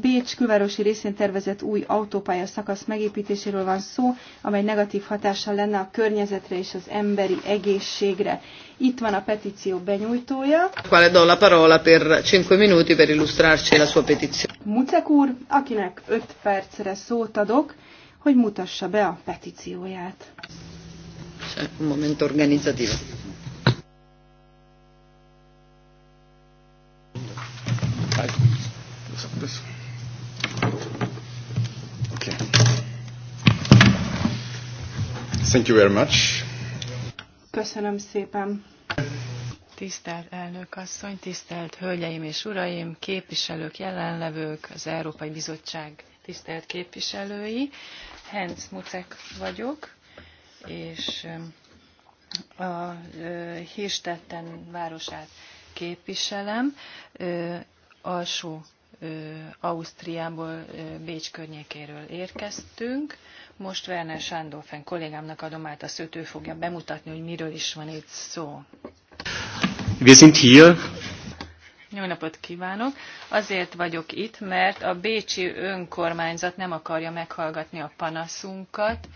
Bécs külvárosi részén tervezett új autópálya szakasz megépítéséről van szó, amely negatív hatással lenne a környezetre és az emberi egészségre. Itt van a petíció benyújtója. Quale do la parola per 5 minuti per illustrarci la sua petizione. Mucek úr, akinek 5 percre szót adok, hogy mutassa be a petícióját. Un momento organizzativo. Thank you very much. Köszönöm szépen. Tisztelt elnök asszony, tisztelt hölgyeim és uraim, képviselők, jelenlevők, az Európai Bizottság tisztelt képviselői. Hens Mucek vagyok, és um, a Hirstetten városát képviselem, alsó Ausztriából, Bécs környékéről érkeztünk. Most Werner Sándorfen kollégámnak adom át a szőt, ő fogja bemutatni, hogy miről is van itt szó. Wir sind hier. Jó napot kívánok! Azért vagyok itt, mert a Bécsi önkormányzat nem akarja meghallgatni a panaszunkat,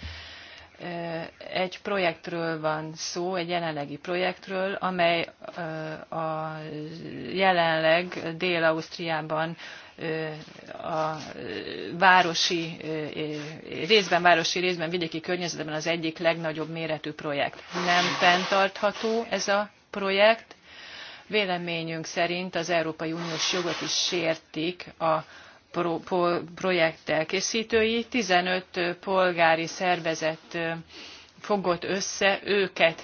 egy projektről van szó, egy jelenlegi projektről, amely a jelenleg Dél-Ausztriában a városi, részben városi, részben vidéki környezetben az egyik legnagyobb méretű projekt. Nem fenntartható ez a projekt. Véleményünk szerint az Európai Uniós jogot is sértik a projekt elkészítői, 15 polgári szervezet fogott össze, őket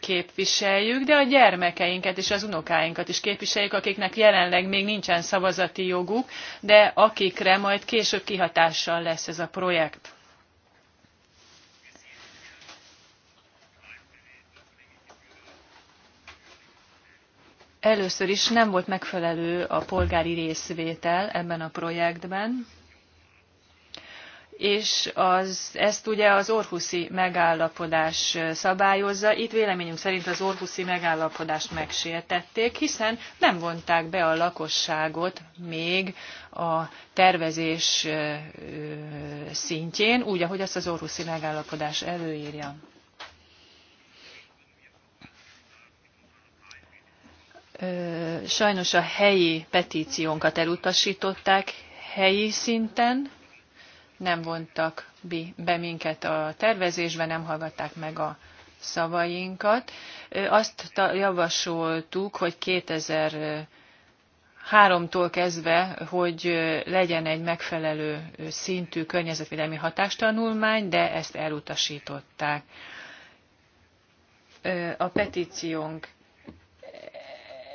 képviseljük, de a gyermekeinket és az unokáinkat is képviseljük, akiknek jelenleg még nincsen szavazati joguk, de akikre majd később kihatással lesz ez a projekt. Először is nem volt megfelelő a polgári részvétel ebben a projektben, és az, ezt ugye az Orhuszi megállapodás szabályozza. Itt véleményünk szerint az Orhuszi megállapodást megsértették, hiszen nem vonták be a lakosságot még a tervezés szintjén, úgy, ahogy azt az Orhuszi megállapodás előírja. sajnos a helyi petíciónkat elutasították helyi szinten, nem vontak be minket a tervezésbe, nem hallgatták meg a szavainkat. Azt javasoltuk, hogy 2000 háromtól kezdve, hogy legyen egy megfelelő szintű környezetvédelmi hatástanulmány, de ezt elutasították. A petíciónk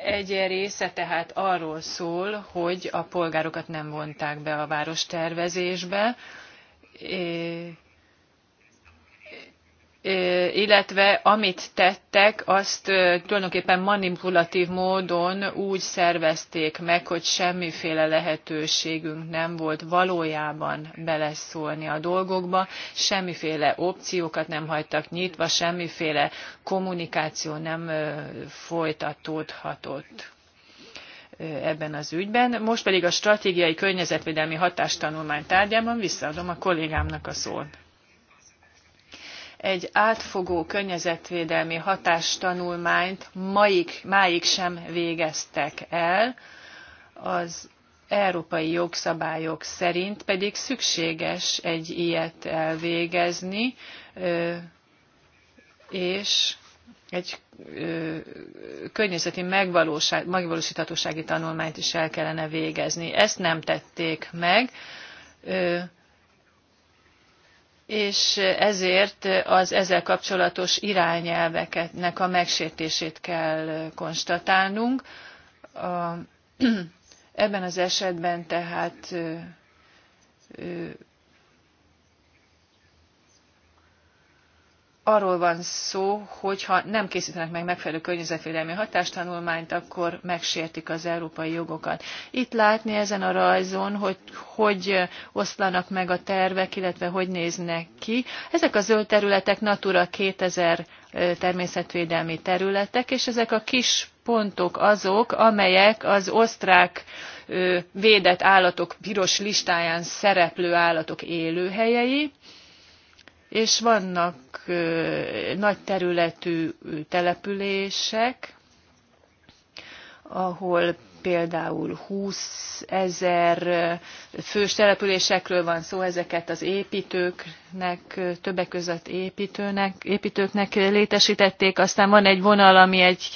egy része tehát arról szól, hogy a polgárokat nem vonták be a várostervezésbe, illetve amit tettek, azt tulajdonképpen manipulatív módon úgy szervezték meg, hogy semmiféle lehetőségünk nem volt valójában beleszólni a dolgokba, semmiféle opciókat nem hagytak nyitva, semmiféle kommunikáció nem folytatódhatott ebben az ügyben. Most pedig a stratégiai környezetvédelmi hatástanulmány tárgyában visszaadom a kollégámnak a szót egy átfogó környezetvédelmi hatástanulmányt maig, máig sem végeztek el, az európai jogszabályok szerint pedig szükséges egy ilyet elvégezni, és egy környezeti megvalósíthatósági tanulmányt is el kellene végezni. Ezt nem tették meg és ezért az ezzel kapcsolatos irányelveknek a megsértését kell konstatálnunk. A, ebben az esetben tehát arról van szó, hogy ha nem készítenek meg megfelelő környezetvédelmi hatástanulmányt, akkor megsértik az európai jogokat. Itt látni ezen a rajzon, hogy hogy oszlanak meg a tervek, illetve hogy néznek ki. Ezek a zöld területek Natura 2000 természetvédelmi területek, és ezek a kis pontok azok, amelyek az osztrák védett állatok piros listáján szereplő állatok élőhelyei, és vannak nagy területű települések, ahol például 20 ezer fős településekről van szó, ezeket az építőknek, többek között építőnek, építőknek létesítették. Aztán van egy vonal, ami egy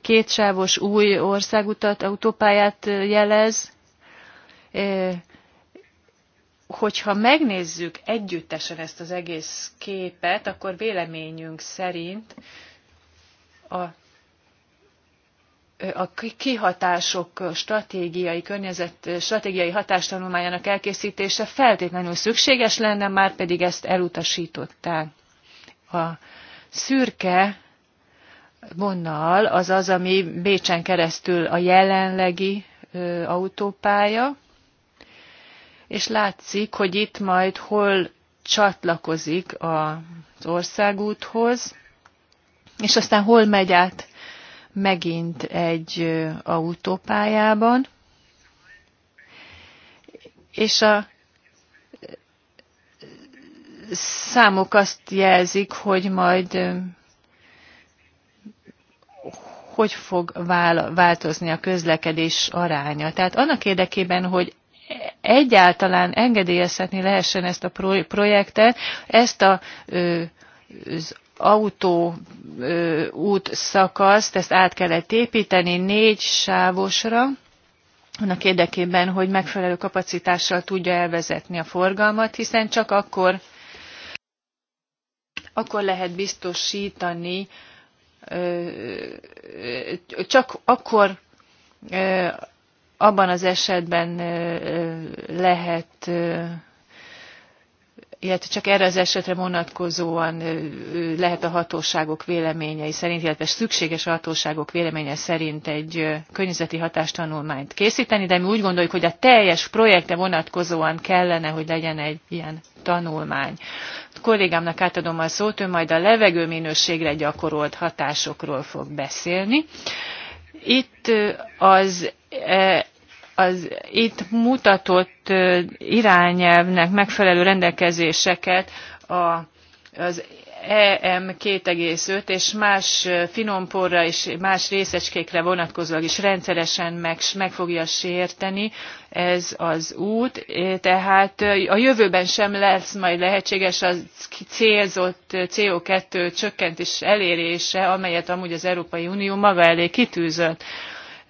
kétsávos új országutat, autópályát jelez, hogyha megnézzük együttesen ezt az egész képet, akkor véleményünk szerint a a kihatások stratégiai környezet, stratégiai hatástanulmájának elkészítése feltétlenül szükséges lenne, már pedig ezt elutasították. A szürke vonal az az, ami Bécsen keresztül a jelenlegi autópálya, és látszik, hogy itt majd hol csatlakozik az országúthoz, és aztán hol megy át megint egy autópályában, és a számok azt jelzik, hogy majd hogy fog változni a közlekedés aránya. Tehát annak érdekében, hogy egyáltalán engedélyezhetni lehessen ezt a projektet, ezt a, az autó út szakaszt, ezt át kellett építeni négy sávosra, annak érdekében, hogy megfelelő kapacitással tudja elvezetni a forgalmat, hiszen csak akkor, akkor lehet biztosítani, csak akkor abban az esetben lehet illetve csak erre az esetre vonatkozóan lehet a hatóságok véleményei szerint, illetve szükséges a hatóságok véleménye szerint egy környezeti hatástanulmányt készíteni, de mi úgy gondoljuk, hogy a teljes projekte vonatkozóan kellene, hogy legyen egy ilyen tanulmány. A kollégámnak átadom a szót, ő majd a levegőminőségre gyakorolt hatásokról fog beszélni. Itt az E, az itt mutatott irányelvnek megfelelő rendelkezéseket a, az EM 2,5 és más finomporra és más részecskékre vonatkozóan is rendszeresen meg, meg fogja sérteni ez az út. E, tehát a jövőben sem lesz majd lehetséges a célzott CO2 csökkentés elérése, amelyet amúgy az Európai Unió maga elé kitűzött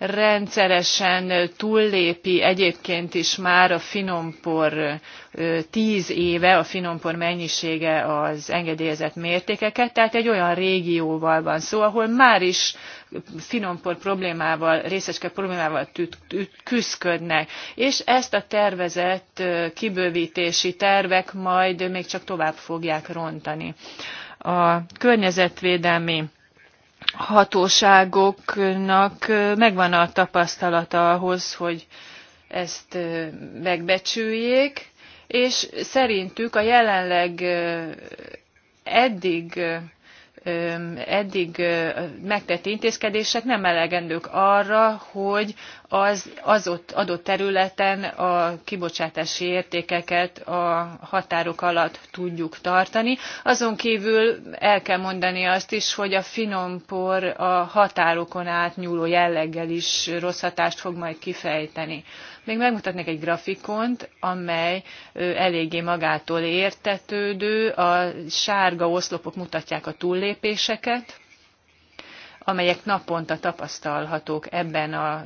rendszeresen túllépi egyébként is már a finompor tíz éve a finompor mennyisége az engedélyezett mértékeket, tehát egy olyan régióval van szó, ahol már is finompor problémával, részecske problémával küzdködnek, és ezt a tervezett kibővítési tervek majd még csak tovább fogják rontani. A környezetvédelmi hatóságoknak megvan a tapasztalata ahhoz, hogy ezt megbecsüljék, és szerintük a jelenleg eddig eddig megtett intézkedések nem elegendők arra, hogy az, az ott adott területen a kibocsátási értékeket a határok alatt tudjuk tartani. Azon kívül el kell mondani azt is, hogy a finompor a határokon átnyúló jelleggel is rossz hatást fog majd kifejteni. Még megmutatnék egy grafikont, amely eléggé magától értetődő, a sárga oszlopok mutatják a túllépéseket, amelyek naponta tapasztalhatók ebben a,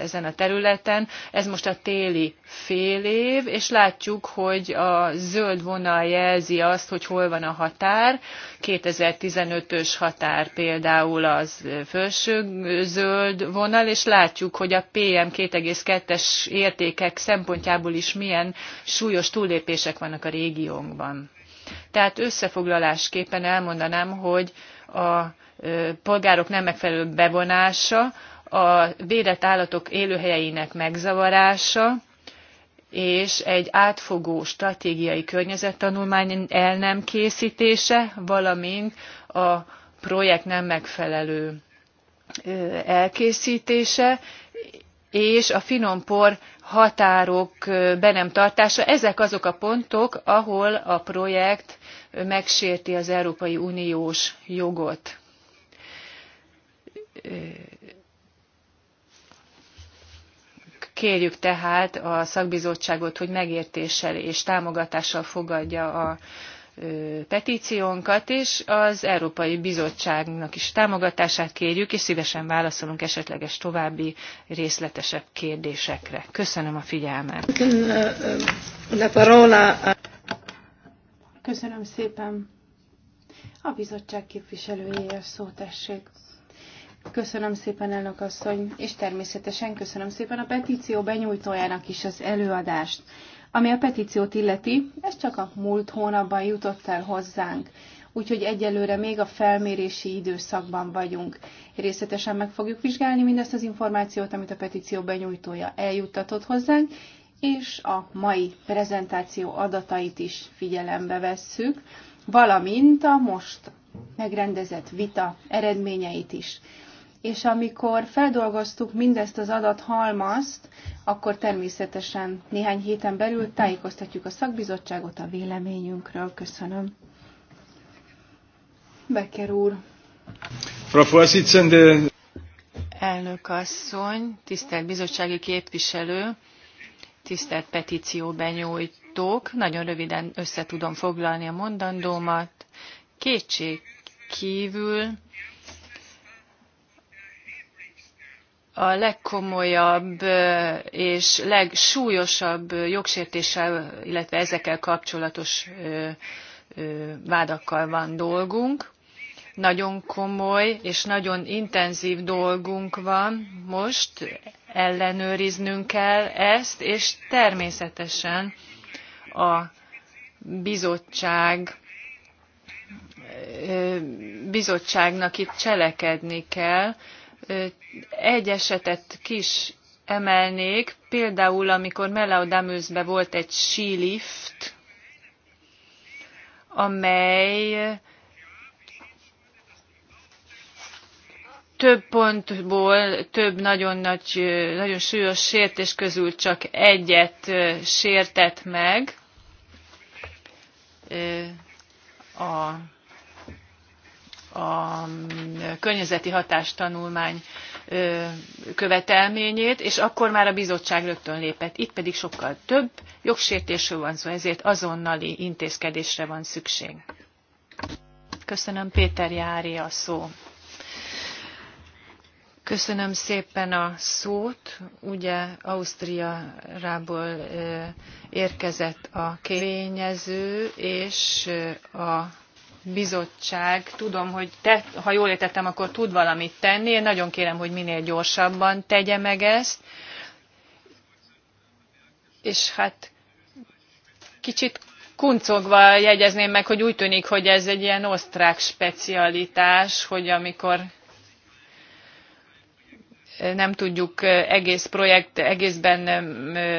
ezen a területen. Ez most a téli fél év, és látjuk, hogy a zöld vonal jelzi azt, hogy hol van a határ. 2015-ös határ például az felső zöld vonal, és látjuk, hogy a PM 2,2-es értékek szempontjából is milyen súlyos túllépések vannak a régiónkban. Tehát összefoglalásképpen elmondanám, hogy a polgárok nem megfelelő bevonása, a védett állatok élőhelyeinek megzavarása, és egy átfogó stratégiai környezettanulmány el nem készítése, valamint a projekt nem megfelelő elkészítése, és a finompor határok be nem tartása. Ezek azok a pontok, ahol a projekt megsérti az Európai Uniós jogot. Kérjük tehát a szakbizottságot, hogy megértéssel és támogatással fogadja a petíciónkat, és az Európai Bizottságnak is támogatását kérjük, és szívesen válaszolunk esetleges további részletesebb kérdésekre. Köszönöm a figyelmet. Uh, um, Köszönöm szépen. A bizottság képviselője a szó tessék. Köszönöm szépen, elnök asszony, és természetesen köszönöm szépen a petíció benyújtójának is az előadást. Ami a petíciót illeti, ez csak a múlt hónapban jutott el hozzánk, úgyhogy egyelőre még a felmérési időszakban vagyunk. Részletesen meg fogjuk vizsgálni mindezt az információt, amit a petíció benyújtója eljuttatott hozzánk, és a mai prezentáció adatait is figyelembe vesszük, valamint a most megrendezett vita eredményeit is. És amikor feldolgoztuk mindezt az adathalmazt, akkor természetesen néhány héten belül tájékoztatjuk a szakbizottságot a véleményünkről. Köszönöm. Becker úr. Elnök asszony, tisztelt bizottsági képviselő! tisztelt petíció benyújtók, nagyon röviden össze tudom foglalni a mondandómat. Kétség kívül a legkomolyabb és legsúlyosabb jogsértéssel, illetve ezekkel kapcsolatos vádakkal van dolgunk. Nagyon komoly és nagyon intenzív dolgunk van most ellenőriznünk kell ezt, és természetesen a bizottság bizottságnak itt cselekedni kell. Egy esetet kis emelnék, például amikor Melaudamőzbe volt egy sílift, amely több pontból, több nagyon, nagy, nagyon súlyos sértés közül csak egyet sértett meg a, a környezeti hatástanulmány követelményét, és akkor már a bizottság rögtön lépett. Itt pedig sokkal több jogsértésről van szó, ezért azonnali intézkedésre van szükség. Köszönöm, Péter Jári a szó. Köszönöm szépen a szót. Ugye Ausztriából érkezett a kérvényező, és a bizottság, tudom, hogy te, ha jól értettem, akkor tud valamit tenni. Én nagyon kérem, hogy minél gyorsabban tegye meg ezt. És hát kicsit kuncogva jegyezném meg, hogy úgy tűnik, hogy ez egy ilyen osztrák specialitás, hogy amikor nem tudjuk egész projekt, egészben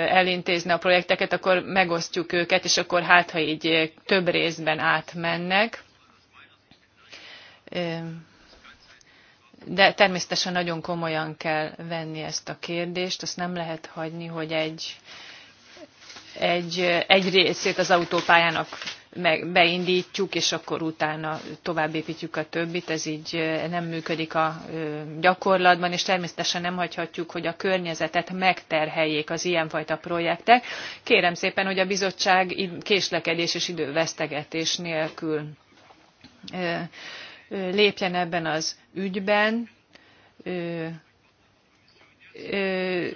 elintézni a projekteket, akkor megosztjuk őket, és akkor hát, ha így több részben átmennek. De természetesen nagyon komolyan kell venni ezt a kérdést, azt nem lehet hagyni, hogy egy, egy, egy részét az autópályának meg beindítjuk, és akkor utána továbbépítjük a többit, ez így nem működik a gyakorlatban, és természetesen nem hagyhatjuk, hogy a környezetet megterheljék az ilyenfajta projektek. Kérem szépen, hogy a bizottság késlekedés és idővesztegetés nélkül lépjen ebben az ügyben,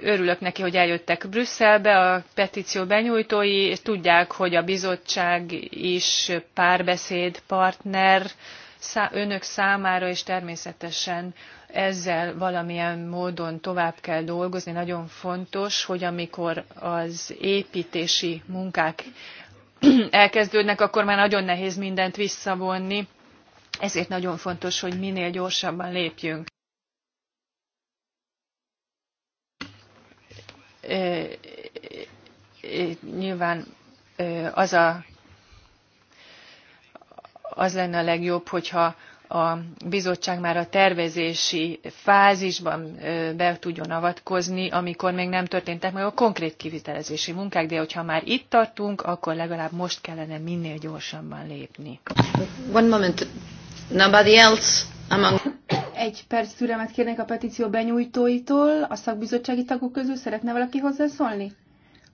örülök neki, hogy eljöttek Brüsszelbe a petíció benyújtói, és tudják, hogy a bizottság is párbeszéd partner önök számára, és természetesen ezzel valamilyen módon tovább kell dolgozni. Nagyon fontos, hogy amikor az építési munkák elkezdődnek, akkor már nagyon nehéz mindent visszavonni, ezért nagyon fontos, hogy minél gyorsabban lépjünk. nyilván az, a, az lenne a legjobb, hogyha a bizottság már a tervezési fázisban be tudjon avatkozni, amikor még nem történtek meg a konkrét kivitelezési munkák, de hogyha már itt tartunk, akkor legalább most kellene minél gyorsabban lépni. One moment. Nobody else among... Egy perc türelmet kérnék a petíció benyújtóitól, a szakbizottsági tagok közül szeretne valaki hozzászólni?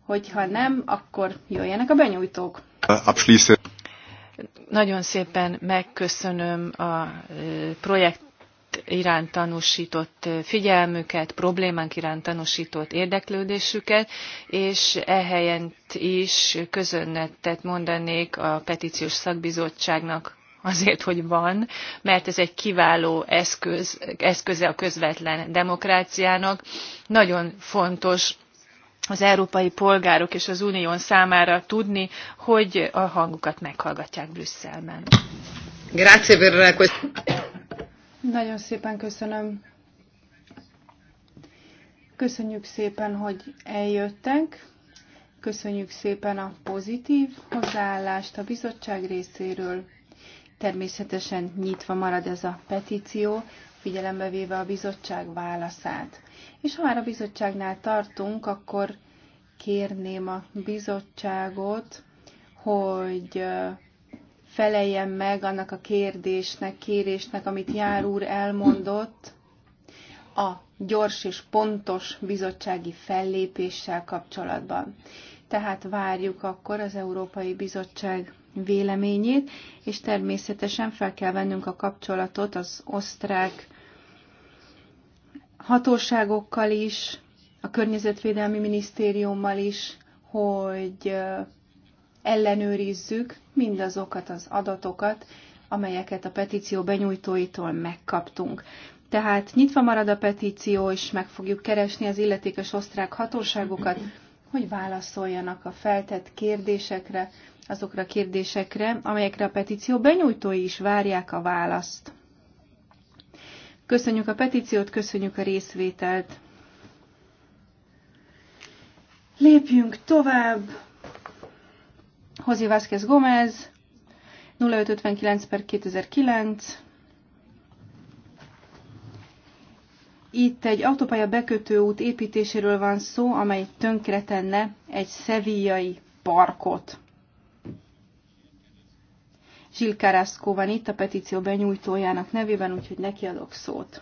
Hogyha nem, akkor jöjjenek a benyújtók. Nagyon szépen megköszönöm a e, projekt iránt tanúsított figyelmüket, problémánk iránt tanúsított érdeklődésüket, és ehelyett is közönnetet mondanék a petíciós szakbizottságnak azért, hogy van, mert ez egy kiváló eszköz, eszköze a közvetlen demokráciának. Nagyon fontos az európai polgárok és az unión számára tudni, hogy a hangukat meghallgatják Brüsszelben. Grazie per Nagyon szépen köszönöm. Köszönjük szépen, hogy eljöttek. Köszönjük szépen a pozitív hozzáállást a bizottság részéről. Természetesen nyitva marad ez a petíció, figyelembe véve a bizottság válaszát. És ha már a bizottságnál tartunk, akkor kérném a bizottságot, hogy feleljen meg annak a kérdésnek, kérésnek, amit Jár úr elmondott, a gyors és pontos bizottsági fellépéssel kapcsolatban. Tehát várjuk akkor az Európai Bizottság véleményét, és természetesen fel kell vennünk a kapcsolatot az osztrák hatóságokkal is, a környezetvédelmi minisztériummal is, hogy ellenőrizzük mindazokat az adatokat, amelyeket a petíció benyújtóitól megkaptunk. Tehát nyitva marad a petíció, és meg fogjuk keresni az illetékes osztrák hatóságokat, hogy válaszoljanak a feltett kérdésekre, azokra a kérdésekre, amelyekre a petíció benyújtói is várják a választ. Köszönjük a petíciót, köszönjük a részvételt. Lépjünk tovább. Hozi Vázquez Gomez, 0559 per 2009. Itt egy autópálya út építéséről van szó, amely tönkretenne egy szevíjai parkot. Zsil van itt a petíció benyújtójának nevében, úgyhogy neki adok szót.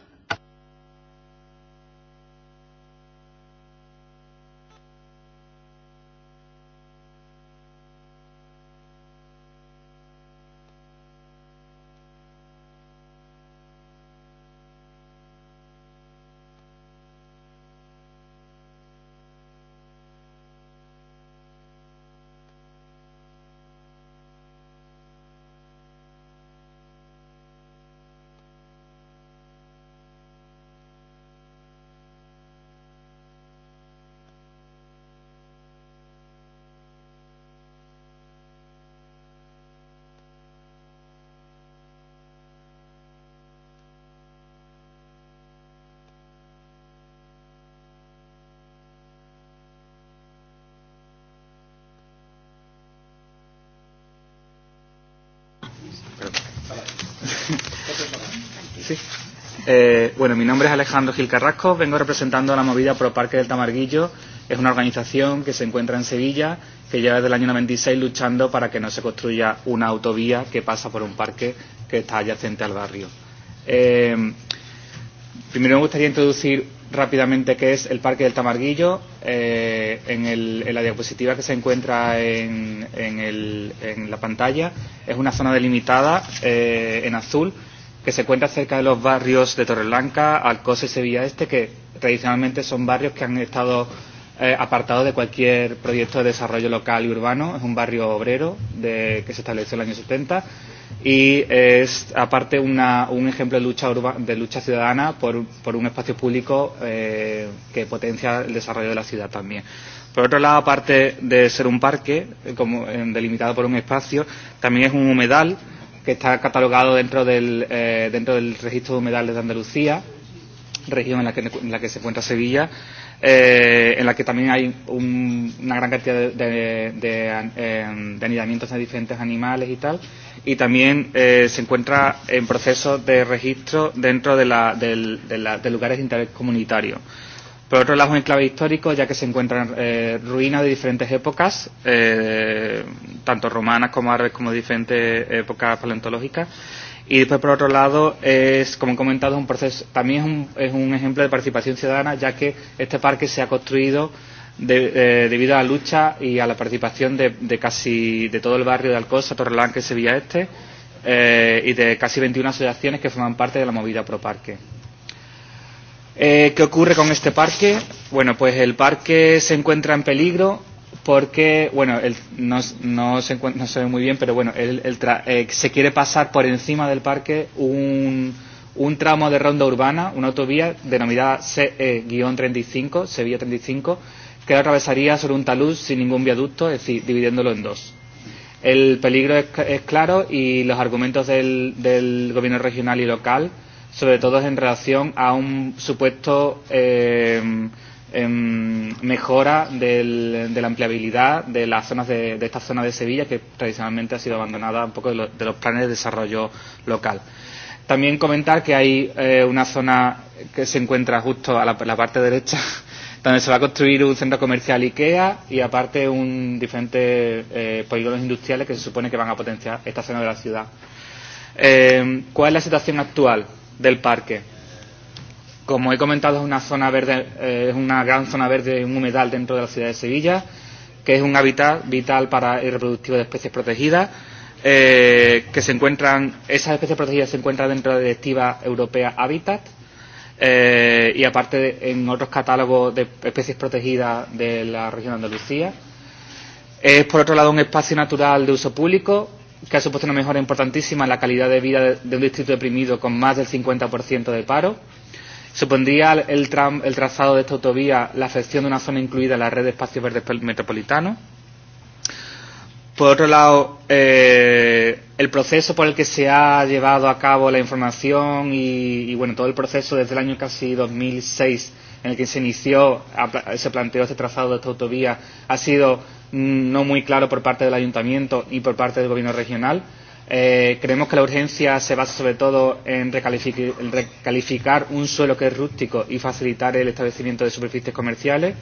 Sí. Eh, bueno, mi nombre es Alejandro Gil Carrasco, vengo representando a la movida Pro Parque del Tamarguillo. Es una organización que se encuentra en Sevilla, que lleva desde el año 96 luchando para que no se construya una autovía que pasa por un parque que está adyacente al barrio. Eh, primero me gustaría introducir rápidamente qué es el Parque del Tamarguillo, eh, en, el, en la diapositiva que se encuentra en, en, el, en la pantalla. Es una zona delimitada eh, en azul que se encuentra cerca de los barrios de Torreblanca, Alcosa y Sevilla Este, que tradicionalmente son barrios que han estado eh, apartados de cualquier proyecto de desarrollo local y urbano. Es un barrio obrero de, que se estableció en el año 70 y es aparte una, un ejemplo de lucha, urba, de lucha ciudadana por, por un espacio público eh, que potencia el desarrollo de la ciudad también. Por otro lado, aparte de ser un parque eh, como, eh, delimitado por un espacio, también es un humedal que está catalogado dentro del, eh, dentro del registro de humedales de Andalucía, región en la que, en la que se encuentra Sevilla, eh, en la que también hay un, una gran cantidad de, de, de, de, eh, de anidamientos de diferentes animales y tal y también eh, se encuentra en proceso de registro dentro de, la, de, de, la, de lugares de interés comunitario. Por otro lado, es un enclave histórico, ya que se encuentran eh, ruinas de diferentes épocas, eh, tanto romanas como árabes, como de diferentes épocas paleontológicas. Y después, por otro lado, es, como he comentado, un proceso, también es un, es un ejemplo de participación ciudadana, ya que este parque se ha construido de, eh, debido a la lucha y a la participación de, de casi de todo el barrio de Alcosa, Torrelanque, Sevilla Este eh, y de casi 21 asociaciones que forman parte de la movida Pro Parque. Eh, ¿Qué ocurre con este parque? Bueno, pues el parque se encuentra en peligro porque, bueno, el, no, no, se no se ve muy bien, pero bueno, el, el tra eh, se quiere pasar por encima del parque un, un tramo de ronda urbana, una autovía denominada CE-35, Sevilla 35, que la atravesaría sobre un talud sin ningún viaducto, es decir, dividiéndolo en dos. El peligro es, es claro y los argumentos del, del gobierno regional y local, sobre todo en relación a un supuesto eh, em, mejora del, de la ampliabilidad de las zonas de, de esta zona de Sevilla que tradicionalmente ha sido abandonada un poco de, lo, de los planes de desarrollo local. También comentar que hay eh, una zona que se encuentra justo a la, la parte derecha donde se va a construir un centro comercial IKEA y aparte un diferentes eh, polígonos industriales que se supone que van a potenciar esta zona de la ciudad. Eh, ¿Cuál es la situación actual del parque? Como he comentado, es una zona verde, eh, es una gran zona verde, un humedal dentro de la ciudad de Sevilla, que es un hábitat vital para y reproductivo de especies protegidas, eh, que se encuentran, esas especies protegidas se encuentran dentro de la Directiva Europea Habitat, Eh, y aparte en otros catálogos de especies protegidas de la región de Andalucía. Es, por otro lado, un espacio natural de uso público que ha supuesto una mejora importantísima en la calidad de vida de, de un distrito deprimido con más del 50% de paro. Supondría el, tram, el trazado de esta autovía la afección de una zona incluida en la red de espacios verdes metropolitanos. Por otro lado, eh, el proceso por el que se ha llevado a cabo la información y, y bueno, todo el proceso desde el año casi 2006 en el que se inició, se planteó este trazado de esta autovía, ha sido mm, no muy claro por parte del ayuntamiento y por parte del gobierno regional. Eh, creemos que la urgencia se basa sobre todo en recalific recalificar un suelo que es rústico y facilitar el establecimiento de superficies comerciales.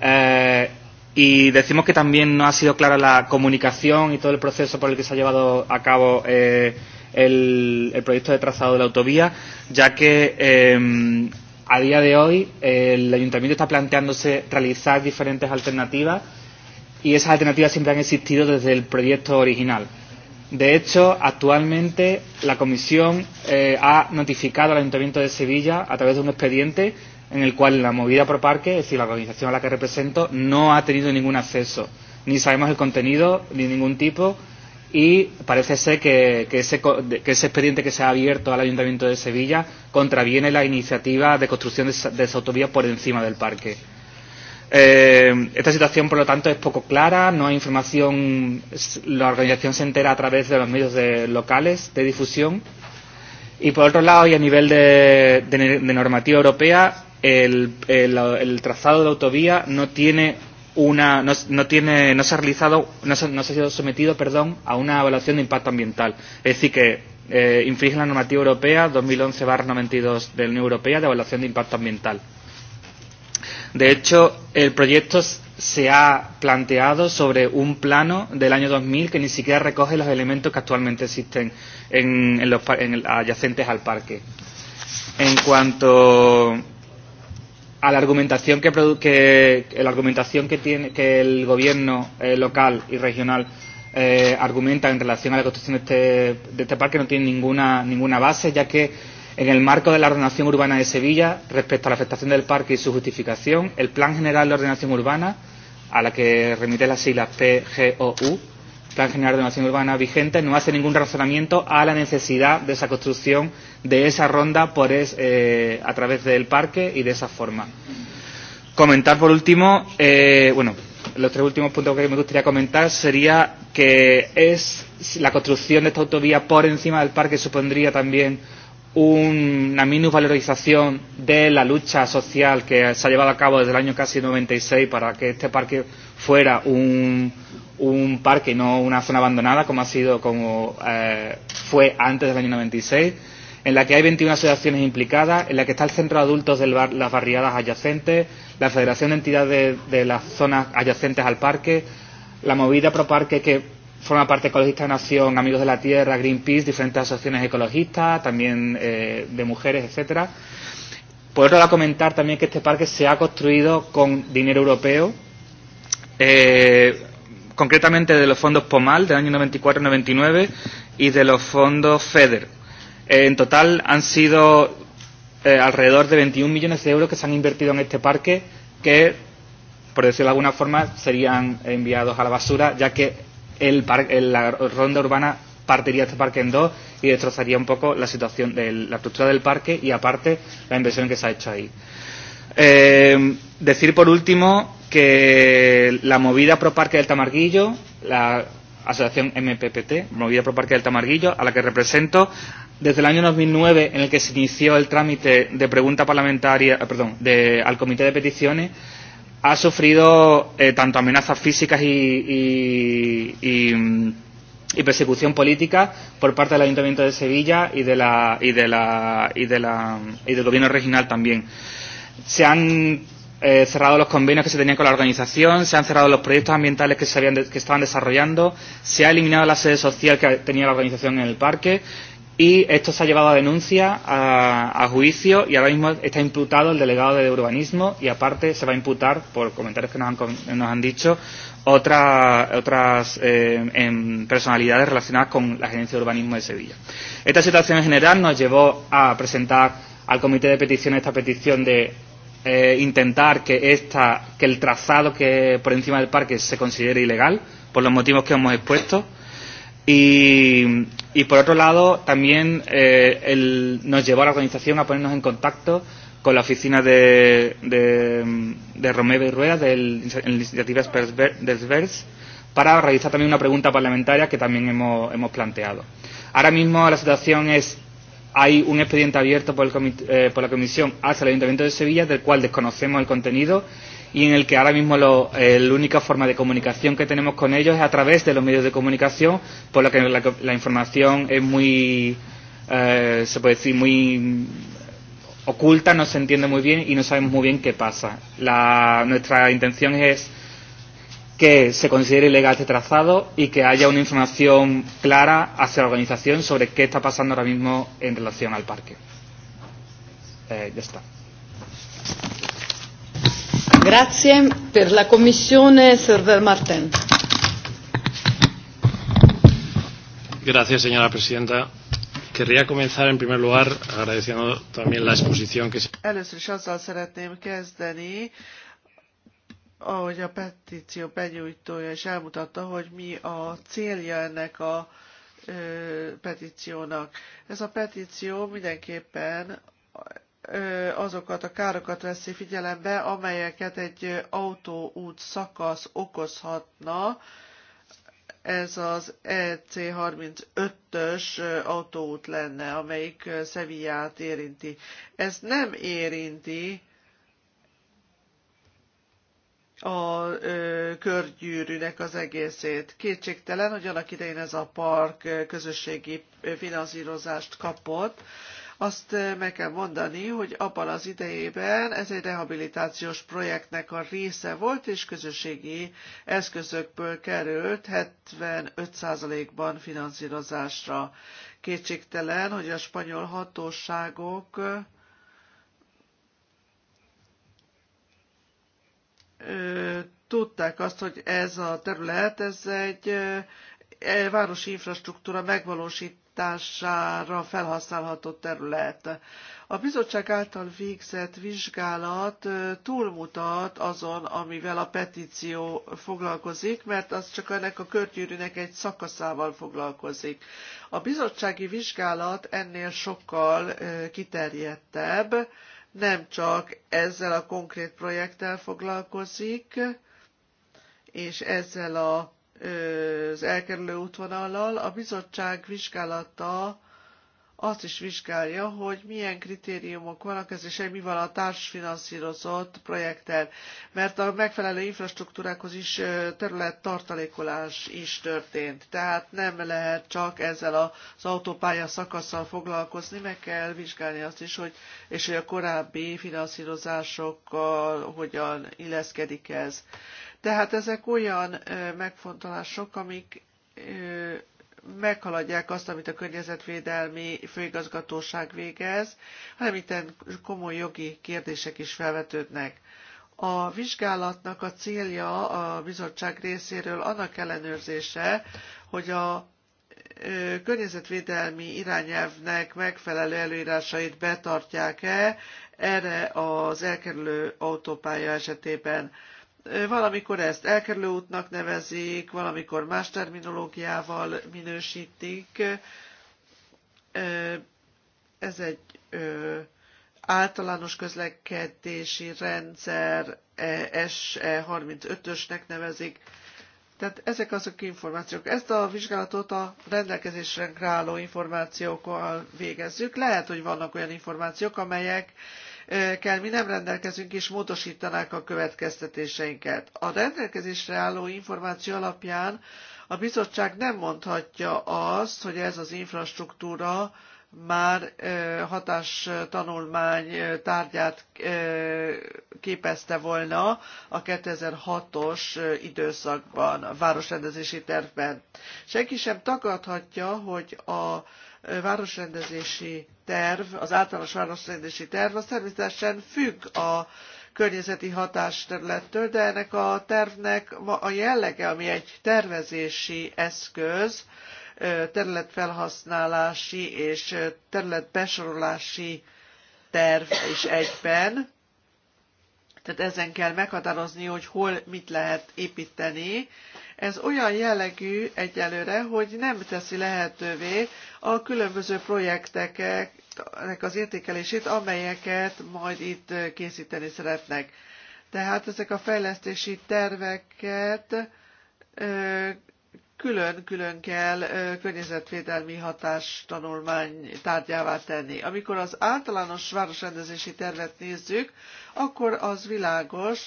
Eh, Y decimos que también no ha sido clara la comunicación y todo el proceso por el que se ha llevado a cabo eh, el, el proyecto de trazado de la autovía, ya que eh, a día de hoy eh, el ayuntamiento está planteándose realizar diferentes alternativas y esas alternativas siempre han existido desde el proyecto original. De hecho, actualmente la Comisión eh, ha notificado al Ayuntamiento de Sevilla, a través de un expediente, en el cual la movida pro parque, es decir, la organización a la que represento, no ha tenido ningún acceso, ni sabemos el contenido, ni ningún tipo, y parece ser que, que, ese, que ese expediente que se ha abierto al Ayuntamiento de Sevilla contraviene la iniciativa de construcción de, de esa autovía por encima del parque. Eh, esta situación, por lo tanto, es poco clara, no hay información, la organización se entera a través de los medios de, locales de difusión. Y por otro lado, y a nivel de, de, de normativa europea, el, el, el trazado de la autovía no tiene una no, no tiene no se ha realizado no se, no se ha sido sometido perdón a una evaluación de impacto ambiental es decir que eh, infringe la normativa europea 2011/92 de la Unión Europea de evaluación de impacto ambiental de hecho el proyecto se ha planteado sobre un plano del año 2000 que ni siquiera recoge los elementos que actualmente existen en, en los en, adyacentes al parque en cuanto a la argumentación que, que, que la argumentación que tiene que el gobierno eh, local y regional eh, argumenta en relación a la construcción de este, de este parque no tiene ninguna ninguna base ya que en el marco de la ordenación urbana de Sevilla respecto a la afectación del parque y su justificación el plan general de ordenación urbana a la que remite las siglas PGOU Plan General de Ordenación Urbana vigente no hace ningún razonamiento a la necesidad de esa construcción de esa ronda por es, eh, a través del parque y de esa forma. Comentar por último, eh, bueno, los tres últimos puntos que me gustaría comentar sería que es la construcción de esta autovía por encima del parque supondría también una minusvalorización de la lucha social que se ha llevado a cabo desde el año casi 96 para que este parque fuera un, un parque, y no una zona abandonada como ha sido como eh, fue antes del año 96, en la que hay 21 asociaciones implicadas, en la que está el Centro de Adultos de bar, las Barriadas Adyacentes, la Federación de Entidades de, de las Zonas Adyacentes al Parque, la Movida Pro Parque que forma parte Ecologista de Nación, Amigos de la Tierra, Greenpeace, diferentes asociaciones ecologistas, también eh, de mujeres, etcétera. Por otro lado, comentar también que este parque se ha construido con dinero europeo. Eh, concretamente de los fondos POMAL del año 94-99 y de los fondos FEDER. Eh, en total han sido eh, alrededor de 21 millones de euros que se han invertido en este parque que, por decirlo de alguna forma, serían enviados a la basura, ya que el parque, la ronda urbana partiría este parque en dos y destrozaría un poco la situación de la estructura del parque y aparte la inversión que se ha hecho ahí. Eh, decir por último que la movida pro Parque del Tamarguillo, la asociación MPPT, movida pro Parque del Tamarguillo, a la que represento, desde el año 2009 en el que se inició el trámite de pregunta parlamentaria, eh, perdón, de, al Comité de Peticiones, ha sufrido eh, tanto amenazas físicas y, y, y, mm, y persecución política por parte del Ayuntamiento de Sevilla y, de la, y, de la, y, de la, y del Gobierno regional también. Se han eh, cerrado los convenios que se tenían con la organización, se han cerrado los proyectos ambientales que, se habían de, que estaban desarrollando, se ha eliminado la sede social que tenía la organización en el parque y esto se ha llevado a denuncia, a, a juicio y ahora mismo está imputado el delegado de urbanismo y aparte se va a imputar, por comentarios que nos han, nos han dicho, otra, otras eh, en personalidades relacionadas con la gerencia de Urbanismo de Sevilla. Esta situación en general nos llevó a presentar al Comité de Peticiones esta petición de eh, intentar que, esta, que el trazado que por encima del parque se considere ilegal, por los motivos que hemos expuesto. Y, y por otro lado, también eh, el, nos llevó a la organización a ponernos en contacto con la oficina de, de, de Romeo y Rueda, del de la iniciativa de Svers, para realizar también una pregunta parlamentaria que también hemos, hemos planteado. Ahora mismo la situación es hay un expediente abierto por, el comit eh, por la Comisión hacia el Ayuntamiento de Sevilla, del cual desconocemos el contenido y en el que ahora mismo lo, eh, la única forma de comunicación que tenemos con ellos es a través de los medios de comunicación, por lo que la, la información es muy, eh, se puede decir, muy oculta, no se entiende muy bien y no sabemos muy bien qué pasa. La, nuestra intención es que se considere ilegal este trazado y que haya una información clara hacia la organización sobre qué está pasando ahora mismo en relación al parque. Eh, ya está. Grazie per la Commissione, Server Martin. Gracias, señora presidenta. Querría comenzar en primer lugar agradeciendo también la exposición que se. Először is ahogy a petíció benyújtója is elmutatta, hogy mi a célja ennek a ö, petíciónak. Ez a petíció mindenképpen azokat a károkat veszi figyelembe, amelyeket egy autóút szakasz okozhatna. Ez az EC35-ös autóút lenne, amelyik Szeviját érinti. Ez nem érinti a ö, körgyűrűnek az egészét. Kétségtelen, hogy annak idején ez a park közösségi finanszírozást kapott, azt meg kell mondani, hogy abban az idejében ez egy rehabilitációs projektnek a része volt, és közösségi eszközökből került 75%-ban finanszírozásra. Kétségtelen, hogy a spanyol hatóságok tudták azt, hogy ez a terület, ez egy e, városi infrastruktúra megvalósítására felhasználható terület. A bizottság által végzett vizsgálat túlmutat azon, amivel a petíció foglalkozik, mert az csak ennek a körgyűrűnek egy szakaszával foglalkozik. A bizottsági vizsgálat ennél sokkal kiterjedtebb, nem csak ezzel a konkrét projekttel foglalkozik, és ezzel a, az elkerülő útvonallal. A bizottság vizsgálata azt is vizsgálja, hogy milyen kritériumok vannak, ez és mi van a társfinanszírozott projekttel. mert a megfelelő infrastruktúrákhoz is terület tartalékolás is történt. Tehát nem lehet csak ezzel az autópálya szakaszsal foglalkozni, meg kell vizsgálni azt is, hogy, és hogy a korábbi finanszírozásokkal hogyan illeszkedik ez. Tehát ezek olyan megfontolások, amik meghaladják azt, amit a környezetvédelmi főigazgatóság végez, hanem itt komoly jogi kérdések is felvetődnek. A vizsgálatnak a célja a bizottság részéről annak ellenőrzése, hogy a környezetvédelmi irányelvnek megfelelő előírásait betartják-e erre az elkerülő autópálya esetében. Valamikor ezt elkerülő útnak nevezik, valamikor más terminológiával minősítik. Ez egy általános közlekedési rendszer, e, SE35-ösnek nevezik. Tehát ezek azok információk. Ezt a vizsgálatot a rendelkezésre álló információkkal végezzük. Lehet, hogy vannak olyan információk, amelyek kell mi nem rendelkezünk, és módosítanák a következtetéseinket. A rendelkezésre álló információ alapján a bizottság nem mondhatja azt, hogy ez az infrastruktúra már hatástanulmány tárgyát képezte volna a 2006-os időszakban, a városrendezési tervben. Senki sem tagadhatja, hogy a városrendezési terv, az általános városrendezési terv, az természetesen függ a környezeti hatásterülettől, de ennek a tervnek a jellege, ami egy tervezési eszköz, területfelhasználási és területbesorolási terv is egyben. Tehát ezen kell meghatározni, hogy hol mit lehet építeni, ez olyan jellegű egyelőre, hogy nem teszi lehetővé a különböző projekteknek az értékelését, amelyeket majd itt készíteni szeretnek. Tehát ezek a fejlesztési terveket külön-külön kell környezetvédelmi hatástanulmány tárgyává tenni. Amikor az általános városrendezési tervet nézzük, akkor az világos,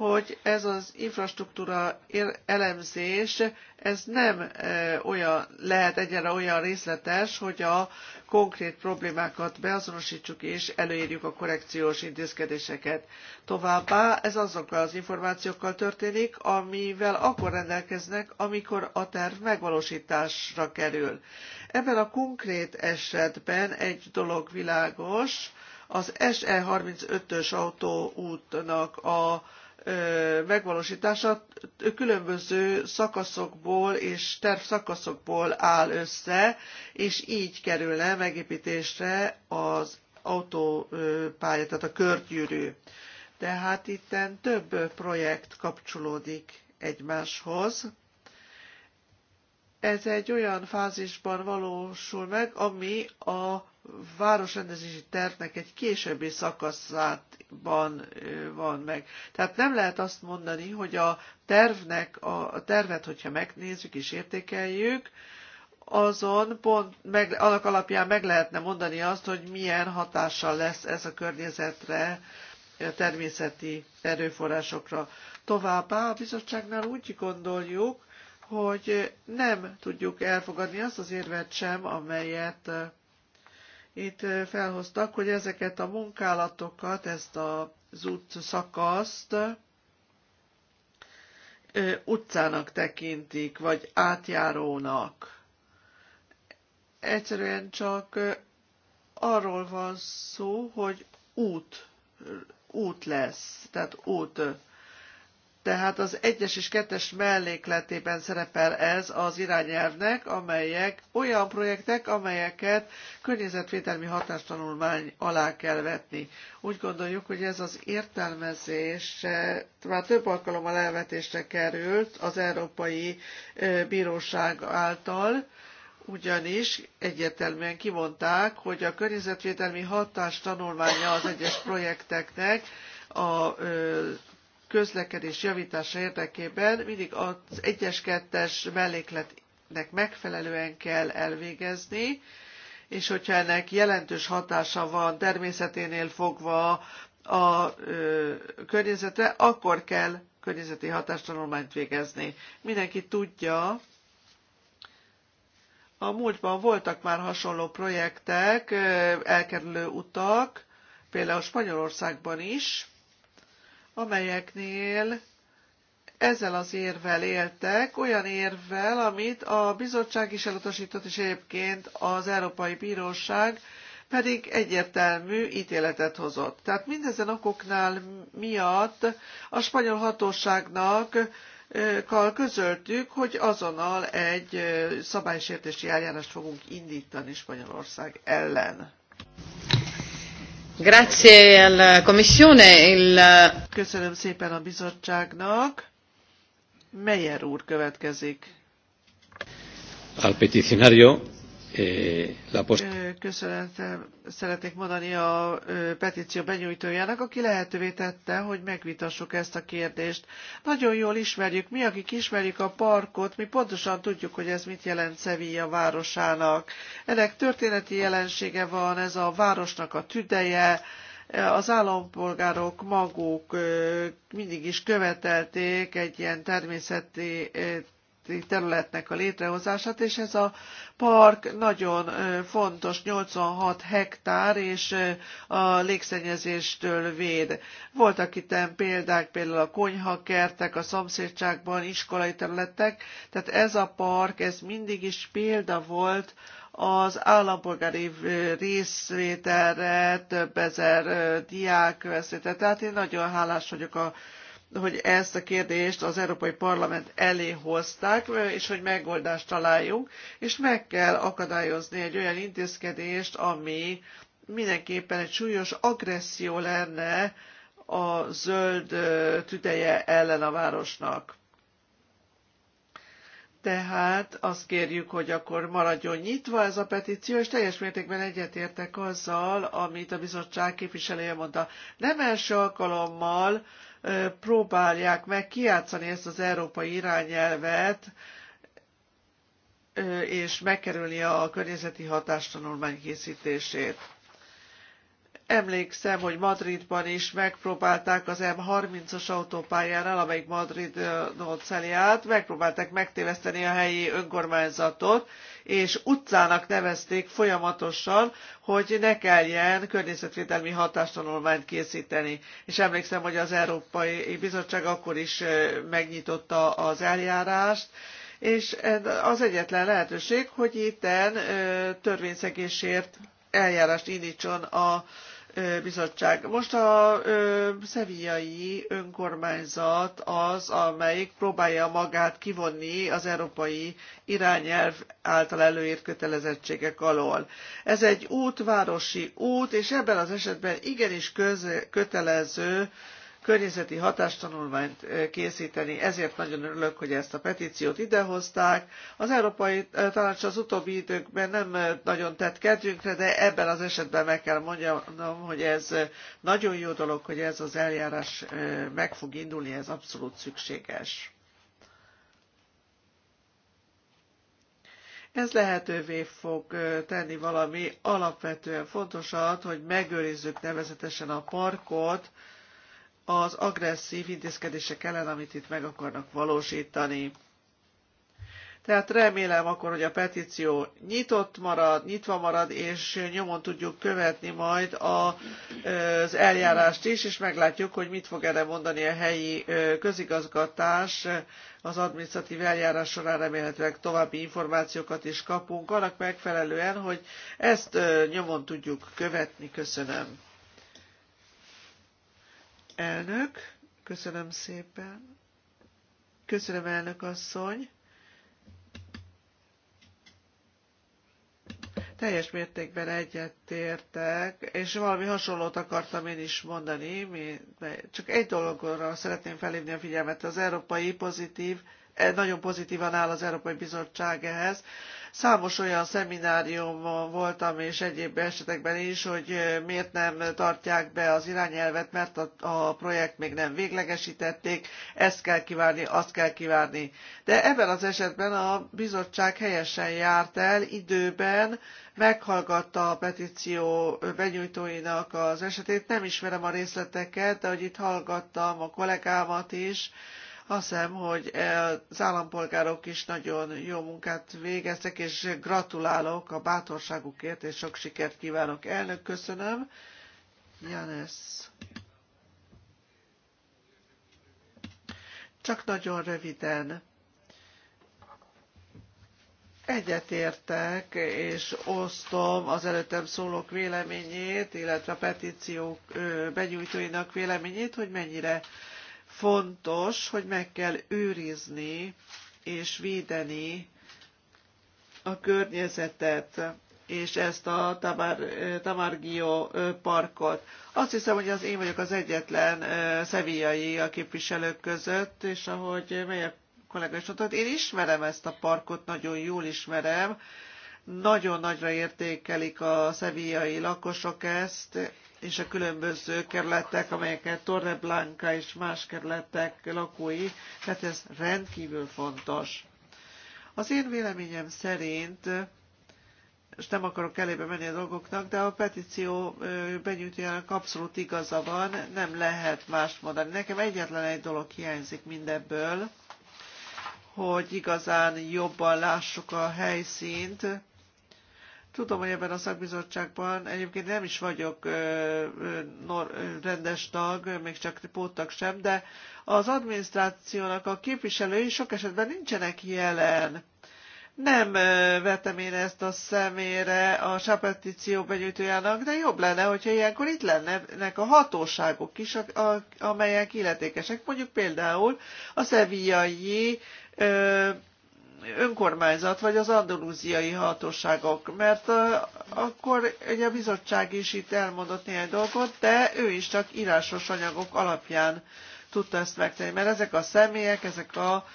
hogy ez az infrastruktúra elemzés, ez nem e, olyan, lehet egyenre olyan részletes, hogy a konkrét problémákat beazonosítsuk és előírjuk a korrekciós intézkedéseket. Továbbá ez azokkal az információkkal történik, amivel akkor rendelkeznek, amikor a terv megvalósításra kerül. Ebben a konkrét esetben egy dolog világos, az SE35-ös autóútnak a megvalósítása különböző szakaszokból és terv szakaszokból áll össze, és így kerülne megépítésre az autópálya, tehát a körgyűrű. Tehát itten több projekt kapcsolódik egymáshoz. Ez egy olyan fázisban valósul meg, ami a városrendezési tervnek egy későbbi szakaszában van meg. Tehát nem lehet azt mondani, hogy a tervnek, a tervet, hogyha megnézzük és értékeljük, azon pont, meg, annak alapján meg lehetne mondani azt, hogy milyen hatással lesz ez a környezetre, a természeti erőforrásokra. Továbbá a bizottságnál úgy gondoljuk, hogy nem tudjuk elfogadni azt az érvet sem, amelyet itt felhoztak, hogy ezeket a munkálatokat, ezt az út utcának tekintik, vagy átjárónak. Egyszerűen csak arról van szó, hogy út, út lesz, tehát út tehát az egyes és kettes mellékletében szerepel ez az irányelvnek, amelyek olyan projektek, amelyeket környezetvédelmi hatástanulmány alá kell vetni. Úgy gondoljuk, hogy ez az értelmezés már több alkalommal elvetésre került az Európai Bíróság által, ugyanis egyértelműen kimondták, hogy a környezetvédelmi hatástanulmánya tanulmánya az egyes projekteknek a közlekedés javtása érdekében mindig az egyes kettes mellékletnek megfelelően kell elvégezni, és hogyha ennek jelentős hatása van természeténél fogva a környezetre, akkor kell környezeti hatástanulmányt végezni. Mindenki tudja, a múltban voltak már hasonló projektek, elkerülő utak, például Spanyolországban is, amelyeknél ezzel az érvel éltek, olyan érvel, amit a bizottság is elutasított, és egyébként az Európai Bíróság pedig egyértelmű ítéletet hozott. Tehát mindezen okoknál miatt a spanyol hatóságnak közöltük, hogy azonnal egy szabálysértési eljárást fogunk indítani Spanyolország ellen. Grazie alla Commissione. Il... Köszönöm szépen a bizottságnak. Meyer úr következik. Al peticionario Eh, Köszönetem szeretnék mondani a petíció benyújtójának, aki lehetővé tette, hogy megvitassuk ezt a kérdést. Nagyon jól ismerjük, mi akik ismerjük a parkot, mi pontosan tudjuk, hogy ez mit jelent Sevilla városának. Ennek történeti jelensége van, ez a városnak a tüdeje, az állampolgárok maguk mindig is követelték egy ilyen természeti területnek a létrehozását, és ez a park nagyon fontos, 86 hektár, és a légszennyezéstől véd. Voltak itt példák, például a konyhakertek, a szomszédságban iskolai területek, tehát ez a park, ez mindig is példa volt az állampolgári részvételre több ezer diák veszélyt. Tehát én nagyon hálás vagyok a hogy ezt a kérdést az Európai Parlament elé hozták, és hogy megoldást találjunk, és meg kell akadályozni egy olyan intézkedést, ami mindenképpen egy súlyos agresszió lenne a zöld tüdeje ellen a városnak. Tehát azt kérjük, hogy akkor maradjon nyitva ez a petíció, és teljes mértékben egyetértek azzal, amit a bizottság képviselője mondta. Nem első alkalommal próbálják meg kiátszani ezt az európai irányelvet, és megkerülni a környezeti hatástanulmány készítését. Emlékszem, hogy Madridban is megpróbálták az M30-as autópályánál, amelyik Madridot szeli át, megpróbálták megtéveszteni a helyi önkormányzatot, és utcának nevezték folyamatosan, hogy ne kelljen környezetvédelmi hatástanulmányt készíteni. És emlékszem, hogy az Európai Bizottság akkor is megnyitotta az eljárást, és az egyetlen lehetőség, hogy itten törvényszegésért eljárást indítson a bizottság. Most a ö, szevíjai önkormányzat az, amelyik próbálja magát kivonni az európai irányelv által előírt kötelezettségek alól. Ez egy út, városi út, és ebben az esetben igenis köz, kötelező környezeti hatástanulmányt készíteni. Ezért nagyon örülök, hogy ezt a petíciót idehozták. Az Európai Tanács az utóbbi időkben nem nagyon tett kedvünkre, de ebben az esetben meg kell mondjam, hogy ez nagyon jó dolog, hogy ez az eljárás meg fog indulni, ez abszolút szükséges. Ez lehetővé fog tenni valami alapvetően fontosat, hogy megőrizzük nevezetesen a parkot, az agresszív intézkedések ellen, amit itt meg akarnak valósítani. Tehát remélem akkor, hogy a petíció nyitott marad, nyitva marad, és nyomon tudjuk követni majd a, az eljárást is, és meglátjuk, hogy mit fog erre mondani a helyi közigazgatás. Az adminisztratív eljárás során remélhetőleg további információkat is kapunk, annak megfelelően, hogy ezt nyomon tudjuk követni. Köszönöm. Elnök, köszönöm szépen. Köszönöm, elnök asszony. Teljes mértékben egyetértek, és valami hasonlót akartam én is mondani, csak egy dologra szeretném felhívni a figyelmet, az európai pozitív, eh, nagyon pozitívan áll az Európai Bizottság ehhez, Számos olyan szemináriumon voltam, és egyéb esetekben is, hogy miért nem tartják be az irányelvet, mert a, a projekt még nem véglegesítették, ezt kell kivárni, azt kell kivárni. De ebben az esetben a bizottság helyesen járt el időben, meghallgatta a petíció benyújtóinak az esetét, nem ismerem a részleteket, de hogy itt hallgattam a kollégámat is, azt hiszem, hogy az állampolgárok is nagyon jó munkát végeztek, és gratulálok a bátorságukért, és sok sikert kívánok. Elnök, köszönöm. Janesz. Csak nagyon röviden. Egyetértek, és osztom az előttem szólók véleményét, illetve a petíciók benyújtóinak véleményét, hogy mennyire fontos, hogy meg kell őrizni és védeni a környezetet és ezt a Tamargio parkot. Azt hiszem, hogy az én vagyok az egyetlen szevíjai a képviselők között, és ahogy melyek kollega is mondta, hát én ismerem ezt a parkot, nagyon jól ismerem, nagyon nagyra értékelik a szevíjai lakosok ezt, és a különböző kerületek, amelyeket Torreblanca és más kerületek lakói, tehát ez rendkívül fontos. Az én véleményem szerint, és nem akarok elébe menni a dolgoknak, de a petíció benyújtójának abszolút igaza van, nem lehet más mondani. Nekem egyetlen egy dolog hiányzik mindebből, hogy igazán jobban lássuk a helyszínt, Tudom, hogy ebben a szakbizottságban egyébként nem is vagyok rendes tag, még csak póttag sem, de az adminisztrációnak a képviselői sok esetben nincsenek jelen. Nem vetem én ezt a szemére a sápetíció benyújtójának, de jobb lenne, hogyha ilyenkor itt lennének a hatóságok is, amelyek illetékesek. Mondjuk például a szevíjai önkormányzat vagy az andalúziai hatóságok, mert akkor egy a bizottság is itt elmondott néhány dolgot, de ő is csak írásos anyagok alapján tudta ezt megtenni, mert ezek a személyek, ezek a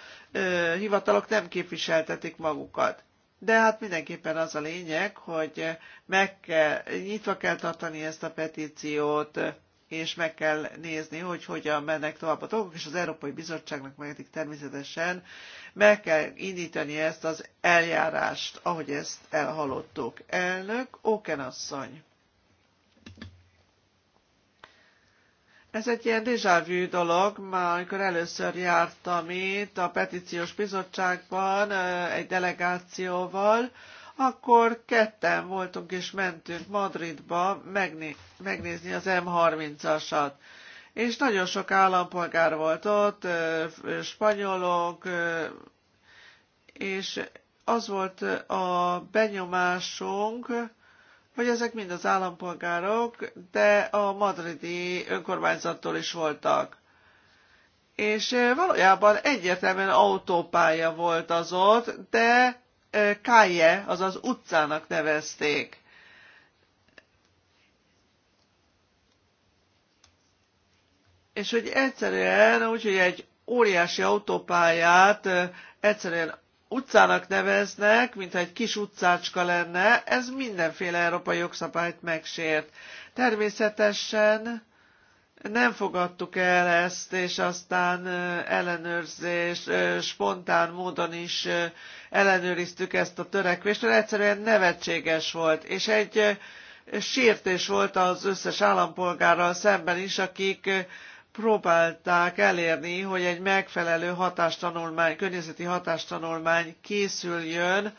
hivatalok nem képviseltetik magukat. De hát mindenképpen az a lényeg, hogy meg kell, nyitva kell tartani ezt a petíciót, és meg kell nézni, hogy hogyan mennek tovább a dolgok, és az Európai Bizottságnak pedig természetesen meg kell indítani ezt az eljárást, ahogy ezt elhallottuk. Elnök, Óken asszony. Ez egy ilyen déjà vu dolog, már amikor először jártam itt a petíciós bizottságban egy delegációval, akkor ketten voltunk és mentünk Madridba megné- megnézni az M30-asat. És nagyon sok állampolgár volt ott, spanyolok, és az volt a benyomásunk, hogy ezek mind az állampolgárok, de a madridi önkormányzattól is voltak. És valójában egyértelműen autópálya volt az ott, de Káje, azaz utcának nevezték. És hogy egyszerűen, úgyhogy egy óriási autópályát egyszerűen utcának neveznek, mintha egy kis utcácska lenne, ez mindenféle európai jogszabályt megsért. Természetesen nem fogadtuk el ezt, és aztán ellenőrzés, spontán módon is ellenőriztük ezt a törekvést, mert egyszerűen nevetséges volt, és egy sértés volt az összes állampolgárral szemben is, akik próbálták elérni, hogy egy megfelelő hatástanulmány, környezeti hatástanulmány készüljön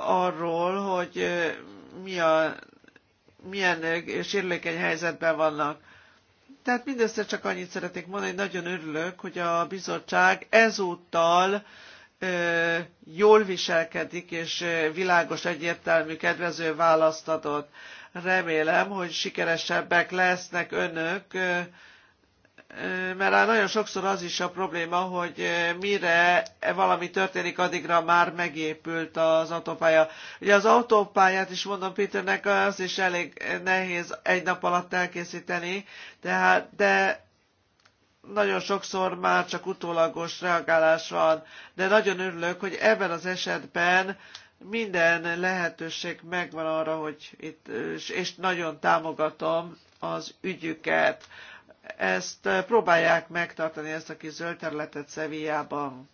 arról, hogy mi a, milyen sérülékeny helyzetben vannak tehát mindössze csak annyit szeretnék mondani, hogy nagyon örülök, hogy a bizottság ezúttal ö, jól viselkedik, és világos, egyértelmű, kedvező választ adott. Remélem, hogy sikeresebbek lesznek önök. Ö, mert nagyon sokszor az is a probléma, hogy mire valami történik, addigra már megépült az autópálya. Ugye az autópályát is mondom Péternek, az is elég nehéz egy nap alatt elkészíteni, tehát, de nagyon sokszor már csak utólagos reagálás van, de nagyon örülök, hogy ebben az esetben minden lehetőség megvan arra, hogy itt, és nagyon támogatom az ügyüket ezt eh, próbálják megtartani, ezt a kis zöld területet Szevijában.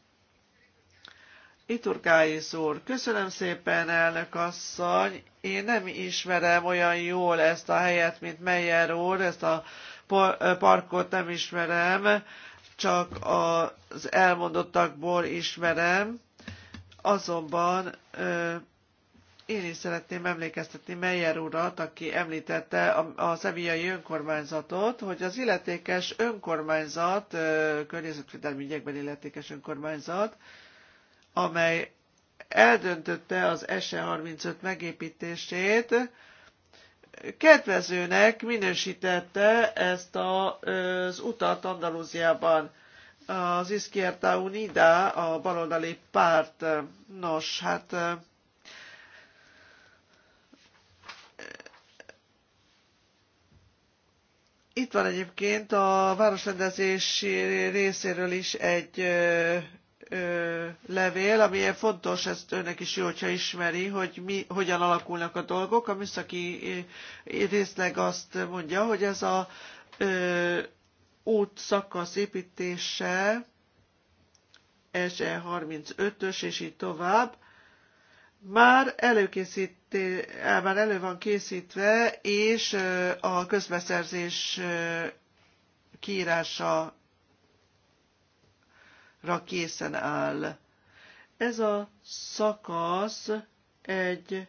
Iturgáis úr, köszönöm szépen, elnök asszony. Én nem ismerem olyan jól ezt a helyet, mint Meyer úr, ezt a eh, parkot nem ismerem, csak az elmondottakból ismerem. Azonban eh, én is szeretném emlékeztetni Meyer urat, aki említette a, a önkormányzatot, hogy az illetékes önkormányzat, környezetvédelmi ügyekben illetékes önkormányzat, amely eldöntötte az SE35 megépítését, kedvezőnek minősítette ezt a, az utat Andalúziában. Az Izquierda Unida, a baloldali párt, nos, hát Itt van egyébként a városrendezési részéről is egy ö, ö, levél, ami fontos, ezt önnek is jó, hogyha ismeri, hogy mi, hogyan alakulnak a dolgok. A műszaki részleg azt mondja, hogy ez a ö, út szakasz építése SE35-ös és így tovább, már előkészít, már elő van készítve, és a közbeszerzés kiírása készen áll. Ez a szakasz egy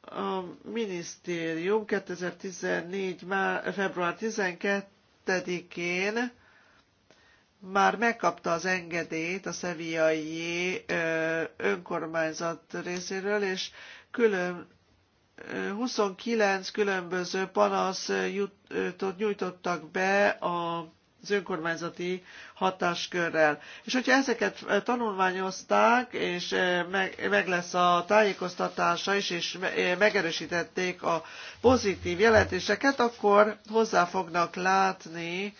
a minisztérium 2014. Már, február 12-én már megkapta az engedélyt a szeviai önkormányzat részéről, és külön 29 különböző panasz nyújtottak be az önkormányzati hatáskörrel. És hogyha ezeket tanulmányozták, és meg, lesz a tájékoztatása is, és megerősítették a pozitív jelentéseket, akkor hozzá fognak látni,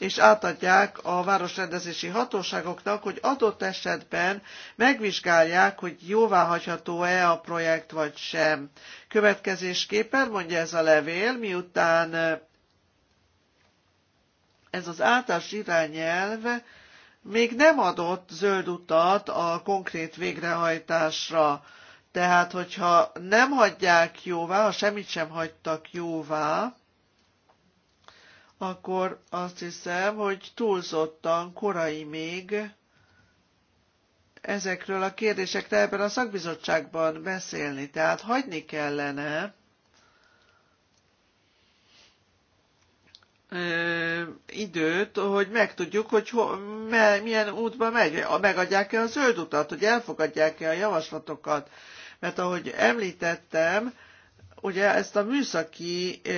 és átadják a városrendezési hatóságoknak, hogy adott esetben megvizsgálják, hogy jóváhagyható-e a projekt vagy sem. Következésképpen mondja ez a levél, miután eh, ez az általános irányelv még nem adott zöld utat a konkrét végrehajtásra. Tehát, hogyha nem hagyják jóvá, ha semmit sem hagytak jóvá, akkor azt hiszem, hogy túlzottan korai még ezekről a kérdésekről ebben a szakbizottságban beszélni. Tehát hagyni kellene ö, időt, hogy megtudjuk, hogy ho, me, milyen útba megy. Megadják-e a zöld utat, hogy elfogadják-e a javaslatokat. Mert ahogy említettem, ugye ezt a műszaki ö,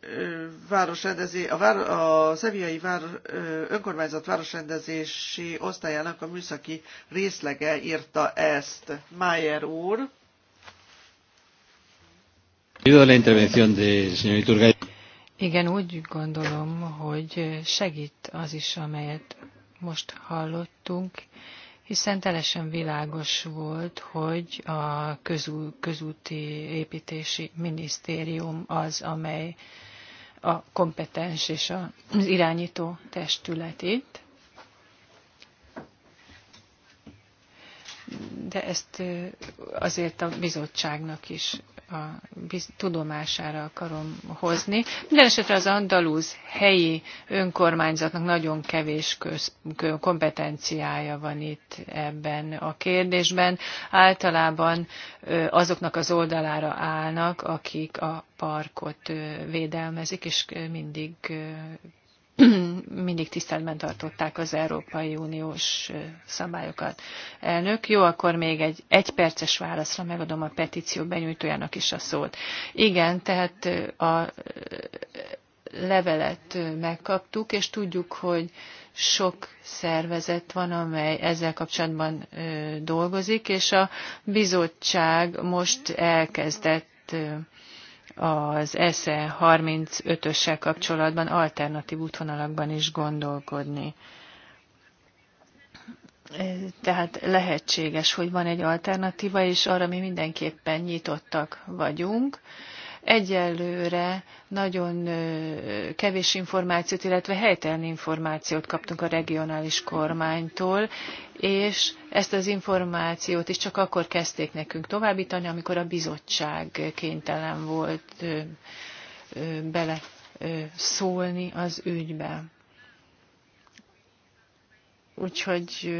ö, városrendezé, a, vár, a szeviai vár, ö, önkormányzat városrendezési osztályának a műszaki részlege írta ezt. Mayer úr. Igen, úgy gondolom, hogy segít az is, amelyet most hallottunk, hiszen teljesen világos volt, hogy a közú, közúti építési minisztérium az, amely a kompetens és az irányító testület itt. de ezt azért a bizottságnak is a biz tudomására akarom hozni. Mindenesetre az andalúz helyi önkormányzatnak nagyon kevés köz, kompetenciája van itt ebben a kérdésben. Általában azoknak az oldalára állnak, akik a parkot védelmezik, és mindig mindig tiszteletben tartották az Európai Uniós szabályokat. Elnök, jó, akkor még egy egyperces válaszra megadom a petíció benyújtójának is a szót. Igen, tehát a levelet megkaptuk, és tudjuk, hogy sok szervezet van, amely ezzel kapcsolatban dolgozik, és a bizottság most elkezdett az ESZE 35-össel e kapcsolatban alternatív útvonalakban is gondolkodni. Tehát lehetséges, hogy van egy alternatíva, és arra mi mindenképpen nyitottak vagyunk Egyelőre nagyon kevés információt, illetve helytelen információt kaptunk a regionális kormánytól, és ezt az információt is csak akkor kezdték nekünk továbbítani, amikor a bizottság kénytelen volt bele szólni az ügybe. Úgyhogy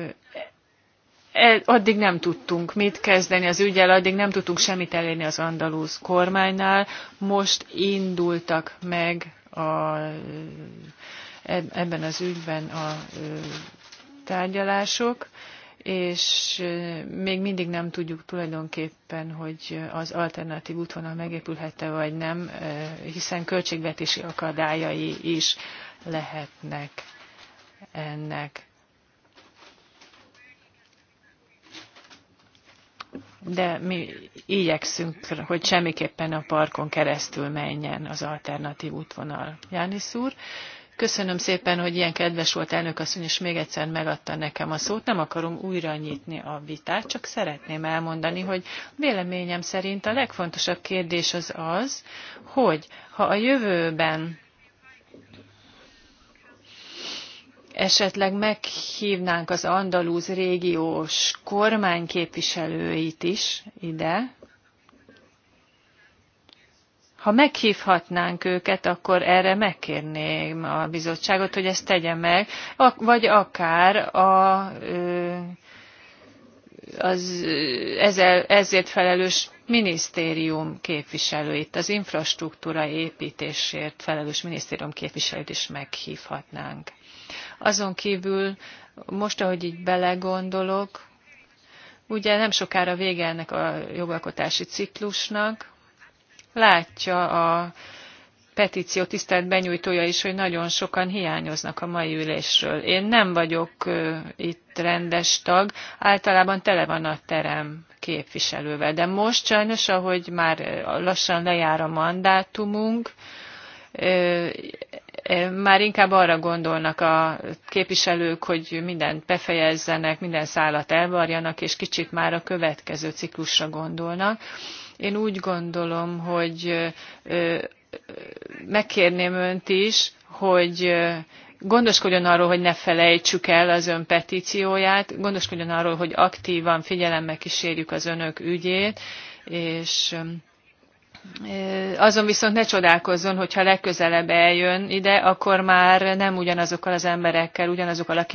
E, addig nem tudtunk mit kezdeni az ügyel, addig nem tudtunk semmit elérni az andalúz kormánynál. Most indultak meg a, e, ebben az ügyben a e, tárgyalások, és még mindig nem tudjuk tulajdonképpen, hogy az alternatív útvonal megépülhet-e vagy nem, hiszen költségvetési akadályai is lehetnek ennek de mi igyekszünk, hogy semmiképpen a parkon keresztül menjen az alternatív útvonal. Jánisz úr, köszönöm szépen, hogy ilyen kedves volt elnök asszony, és még egyszer megadta nekem a szót. Nem akarom újra nyitni a vitát, csak szeretném elmondani, hogy véleményem szerint a legfontosabb kérdés az az, hogy ha a jövőben esetleg meghívnánk az andalúz régiós kormányképviselőit is ide. Ha meghívhatnánk őket, akkor erre megkérném a bizottságot, hogy ezt tegye meg, vagy akár a, az ezzel, ezért felelős minisztérium képviselőit, az infrastruktúra építésért felelős minisztérium képviselőt is meghívhatnánk. Azon kívül, most ahogy így belegondolok, ugye nem sokára vége ennek a jogalkotási ciklusnak, látja a petíció tisztelt benyújtója is, hogy nagyon sokan hiányoznak a mai ülésről. Én nem vagyok itt rendes tag, általában tele van a terem képviselővel, de most sajnos, ahogy már lassan lejár a mandátumunk, már inkább arra gondolnak a képviselők, hogy mindent befejezzenek, minden szállat elvarjanak, és kicsit már a következő ciklusra gondolnak. Én úgy gondolom, hogy megkérném önt is, hogy gondoskodjon arról, hogy ne felejtsük el az ön petícióját, gondoskodjon arról, hogy aktívan figyelemmel kísérjük az önök ügyét, és azon viszont ne csodálkozzon, hogyha legközelebb eljön ide, akkor már nem ugyanazokkal az emberekkel, ugyanazokkal a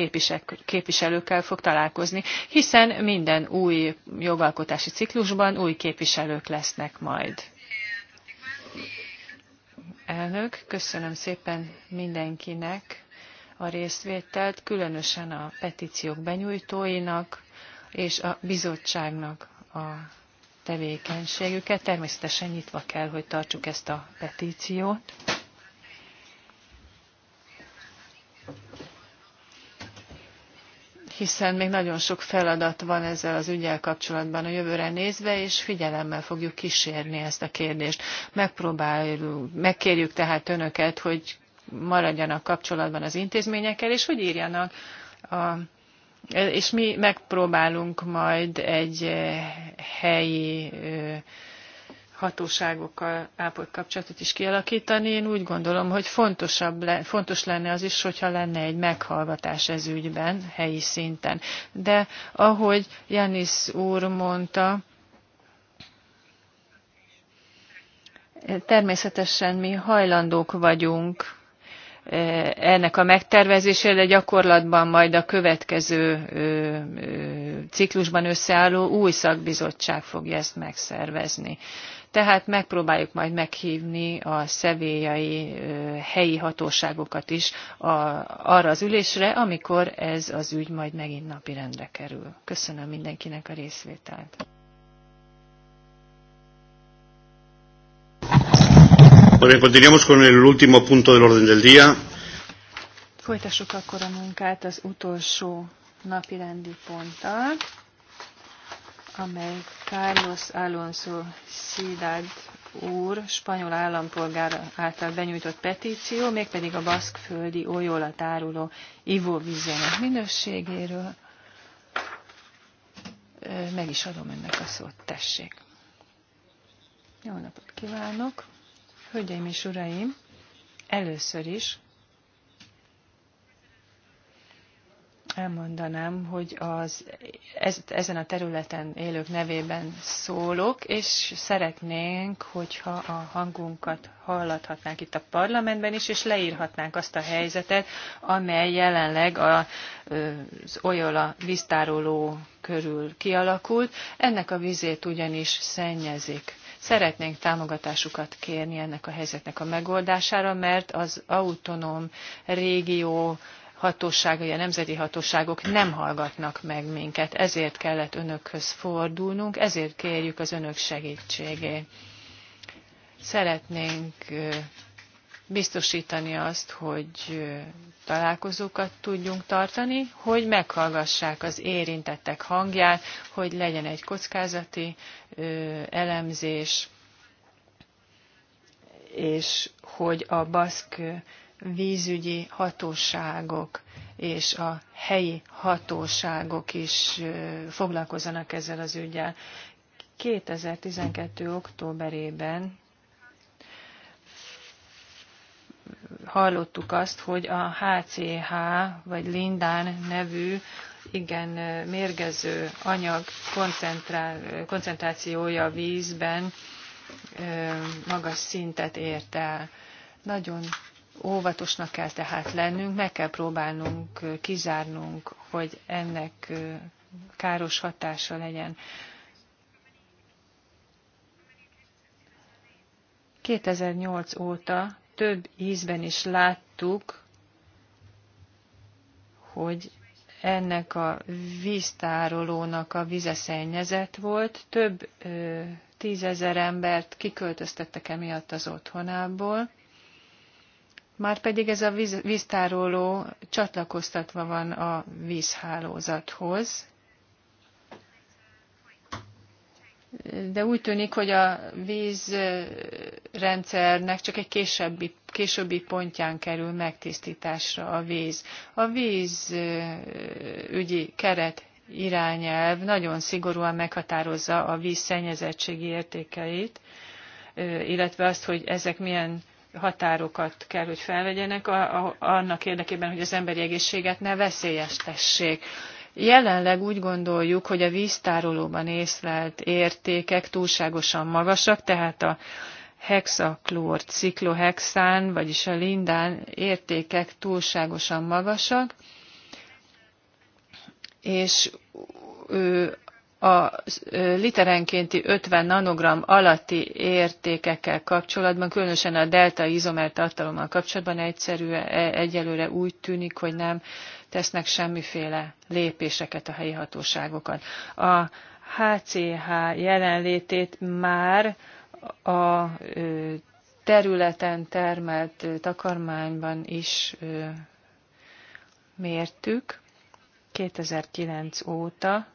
képviselőkkel fog találkozni, hiszen minden új jogalkotási ciklusban új képviselők lesznek majd. Elnök, köszönöm szépen mindenkinek a részvételt, különösen a petíciók benyújtóinak és a bizottságnak a tevékenységüket. Természetesen nyitva kell, hogy tartsuk ezt a petíciót. hiszen még nagyon sok feladat van ezzel az ügyel kapcsolatban a jövőre nézve, és figyelemmel fogjuk kísérni ezt a kérdést. Megpróbáljuk, megkérjük tehát önöket, hogy maradjanak kapcsolatban az intézményekkel, és hogy írjanak a és mi megpróbálunk majd egy helyi hatóságokkal ápolt kapcsolatot is kialakítani. Én úgy gondolom, hogy fontosabb le, fontos lenne az is, hogyha lenne egy meghallgatás ez ügyben, helyi szinten. De ahogy Janis úr mondta, természetesen mi hajlandók vagyunk ennek a megtervezésére, de gyakorlatban majd a következő ciklusban összeálló új szakbizottság fogja ezt megszervezni. Tehát megpróbáljuk majd meghívni a szevélyai helyi hatóságokat is a, arra az ülésre, amikor ez az ügy majd megint napirendre kerül. Köszönöm mindenkinek a részvételt. Pues bien, continuamos con el último punto del orden del día. Folytassuk akkor a munkát az utolsó napi rendi ponttal, amely Carlos Alonso Szilárd úr, spanyol állampolgár által benyújtott petíció, mégpedig a baszkföldi olyola áruló ivóvízének minőségéről. Meg is adom önnek a szót, tessék. Jó napot kívánok! Hölgyeim és uraim, először is elmondanám, hogy az, ez, ezen a területen élők nevében szólok, és szeretnénk, hogyha a hangunkat hallathatnánk itt a parlamentben is, és leírhatnánk azt a helyzetet, amely jelenleg a, az Olyola víztároló körül kialakult. Ennek a vizét ugyanis szennyezik Szeretnénk támogatásukat kérni ennek a helyzetnek a megoldására, mert az autonóm régió hatóságai, a nemzeti hatóságok nem hallgatnak meg minket. Ezért kellett önökhöz fordulnunk, ezért kérjük az önök segítségét. Szeretnénk biztosítani azt, hogy találkozókat tudjunk tartani, hogy meghallgassák az érintettek hangját, hogy legyen egy kockázati elemzés, és hogy a baszk vízügyi hatóságok és a helyi hatóságok is foglalkozzanak ezzel az ügyel. 2012. októberében hallottuk azt, hogy a HCH vagy Lindán nevű igen mérgező anyag koncentrál, koncentrációja vízben magas szintet ért el. Nagyon óvatosnak kell tehát lennünk, meg kell próbálnunk kizárnunk, hogy ennek káros hatása legyen. 2008 óta több ízben is láttuk, hogy ennek a víztárolónak a vize szennyezett volt. Több ö, tízezer embert kiköltöztettek emiatt az otthonából. Márpedig ez a víz, víztároló csatlakoztatva van a vízhálózathoz, de úgy tűnik, hogy a vízrendszernek csak egy későbbi, későbbi pontján kerül megtisztításra a víz. A vízügyi keret irányelv nagyon szigorúan meghatározza a víz szennyezettségi értékeit, illetve azt, hogy ezek milyen határokat kell, hogy felvegyenek annak érdekében, hogy az emberi egészséget ne veszélyeztessék. Jelenleg úgy gondoljuk, hogy a víztárolóban észlelt értékek túlságosan magasak, tehát a hexaklór, ciklohexán, vagyis a lindán értékek túlságosan magasak, és a literenkénti 50 nanogram alatti értékekkel kapcsolatban, különösen a delta izomer tartalommal kapcsolatban egyszerű e, egyelőre úgy tűnik, hogy nem tesznek semmiféle lépéseket a helyi hatóságokat. A HCH jelenlétét már a területen termelt takarmányban is mértük 2009 óta,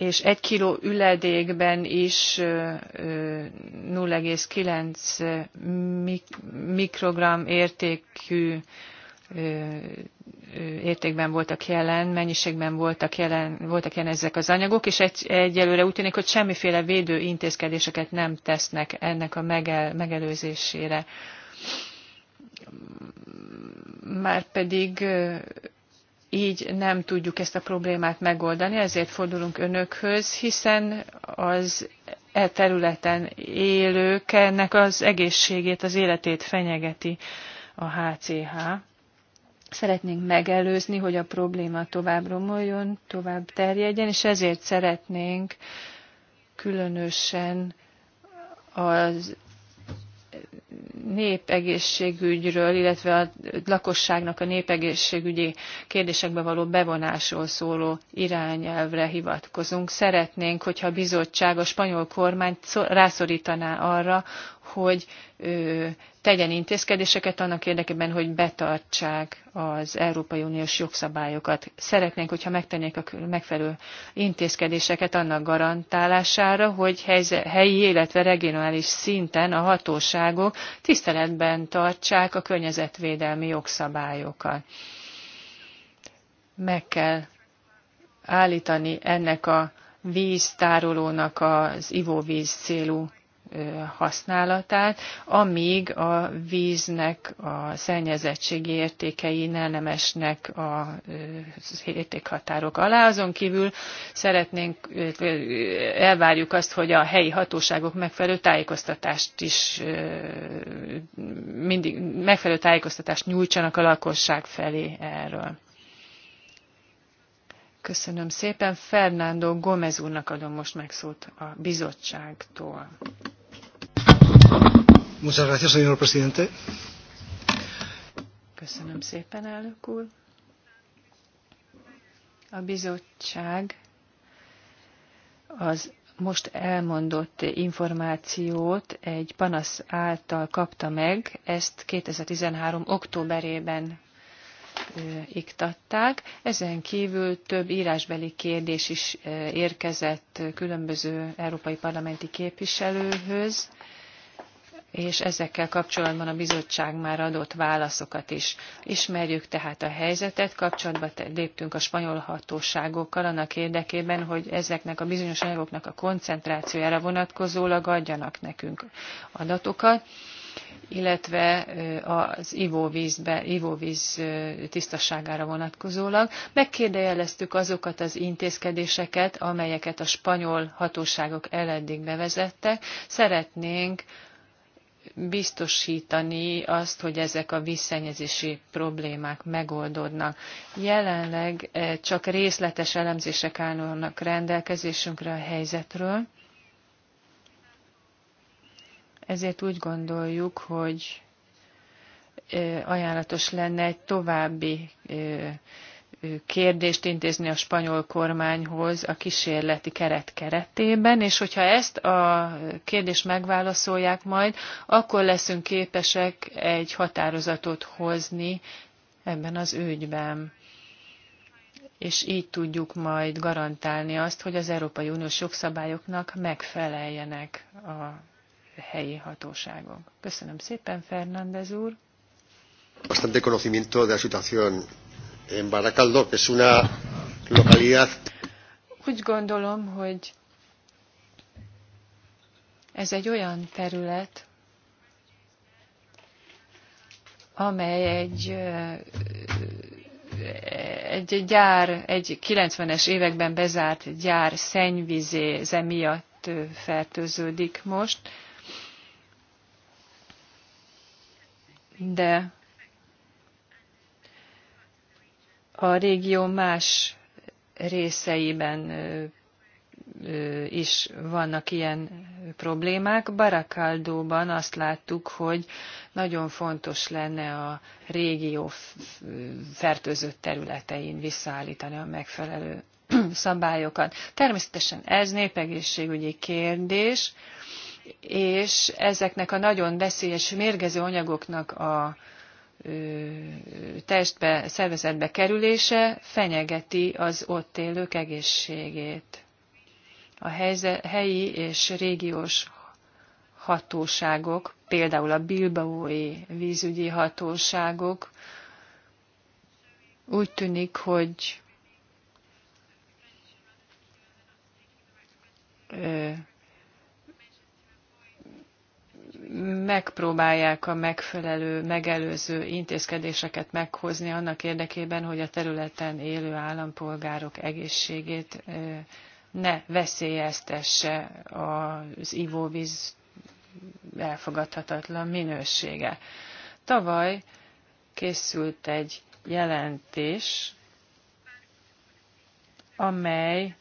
és egy kiló üledékben is 0,9 mikrogram értékű értékben voltak jelen, mennyiségben voltak jelen, voltak jelen ezek az anyagok, és egy, egyelőre úgy tűnik, hogy semmiféle védő intézkedéseket nem tesznek ennek a megel, megelőzésére. Márpedig így nem tudjuk ezt a problémát megoldani, ezért fordulunk önökhöz, hiszen az e területen élők ennek az egészségét, az életét fenyegeti a HCH. Szeretnénk megelőzni, hogy a probléma tovább romoljon, tovább terjedjen, és ezért szeretnénk különösen az népegészségügyről, illetve a lakosságnak a népegészségügyi kérdésekbe való bevonásról szóló irányelvre hivatkozunk. Szeretnénk, hogyha a bizottság a spanyol kormány rászorítaná arra, hogy tegyen intézkedéseket annak érdekében, hogy betartsák az Európai Uniós jogszabályokat. Szeretnénk, hogyha megtennék a megfelelő intézkedéseket annak garantálására, hogy helyi, illetve regionális szinten a hatóságok tiszteletben tartsák a környezetvédelmi jogszabályokat. Meg kell állítani ennek a víztárolónak az ivóvíz célú használatát, amíg a víznek a szennyezettségi értékei ne nem esnek az értékhatárok alá. Azon kívül szeretnénk, elvárjuk azt, hogy a helyi hatóságok megfelelő tájékoztatást is mindig megfelelő tájékoztatást nyújtsanak a lakosság felé erről. Köszönöm szépen. Fernando Gomez úrnak adom most megszót a bizottságtól. Muchas gracias, señor presidente. Köszönöm szépen, elnök úr. A bizottság az most elmondott információt egy panasz által kapta meg, ezt 2013. októberében iktatták. Ezen kívül több írásbeli kérdés is érkezett különböző európai parlamenti képviselőhöz és ezekkel kapcsolatban a bizottság már adott válaszokat is. Ismerjük tehát a helyzetet, kapcsolatba léptünk a spanyol hatóságokkal annak érdekében, hogy ezeknek a bizonyos anyagoknak a koncentrációjára vonatkozólag adjanak nekünk adatokat illetve az ivóvízbe, ivóvíz tisztaságára vonatkozólag. Megkérdejeleztük azokat az intézkedéseket, amelyeket a spanyol hatóságok eleddig bevezettek. Szeretnénk biztosítani azt, hogy ezek a visszanyezési problémák megoldódnak. Jelenleg eh, csak részletes elemzések állnak rendelkezésünkre a helyzetről, ezért úgy gondoljuk, hogy eh, ajánlatos lenne egy további eh, kérdést intézni a spanyol kormányhoz a kísérleti keret keretében, és hogyha ezt a kérdést megválaszolják majd, akkor leszünk képesek egy határozatot hozni ebben az ügyben és így tudjuk majd garantálni azt, hogy az Európai Uniós jogszabályoknak megfeleljenek a helyi hatóságok. Köszönöm szépen, Fernández úr! Bastante conocimiento de la situación en Baracaldo, que es una localidad. Úgy gondolom, hogy ez egy olyan terület, amely egy, egy gyár, egy 90-es években bezárt gyár szennyvizéze miatt fertőződik most. De a régió más részeiben is vannak ilyen problémák. Barakaldóban azt láttuk, hogy nagyon fontos lenne a régió fertőzött területein visszaállítani a megfelelő szabályokat. Természetesen ez népegészségügyi kérdés, és ezeknek a nagyon veszélyes mérgező anyagoknak a testbe, szervezetbe kerülése fenyegeti az ott élők egészségét. A helyze, helyi és régiós hatóságok, például a Bilbaói vízügyi hatóságok úgy tűnik, hogy megpróbálják a megfelelő, megelőző intézkedéseket meghozni annak érdekében, hogy a területen élő állampolgárok egészségét ne veszélyeztesse az ivóvíz elfogadhatatlan minősége. Tavaly készült egy jelentés, amely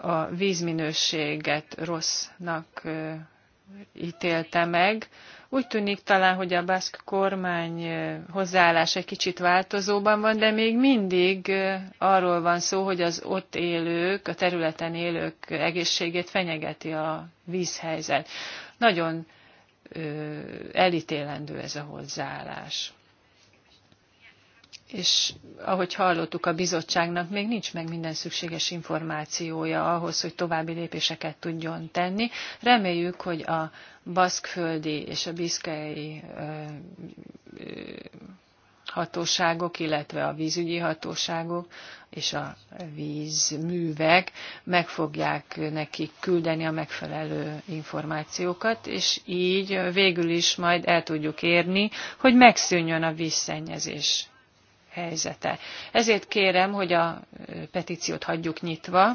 a vízminőséget rossznak ítélte meg. Úgy tűnik talán, hogy a baszk kormány hozzáállása egy kicsit változóban van, de még mindig arról van szó, hogy az ott élők, a területen élők egészségét fenyegeti a vízhelyzet. Nagyon elítélendő ez a hozzáállás és ahogy hallottuk, a bizottságnak még nincs meg minden szükséges információja ahhoz, hogy további lépéseket tudjon tenni. Reméljük, hogy a baszkföldi és a biszkei hatóságok, illetve a vízügyi hatóságok és a vízművek meg fogják nekik küldeni a megfelelő információkat, és így végül is majd el tudjuk érni, hogy megszűnjön a vízszennyezés helyzete. Ezért kérem, hogy a petíciót hagyjuk nyitva,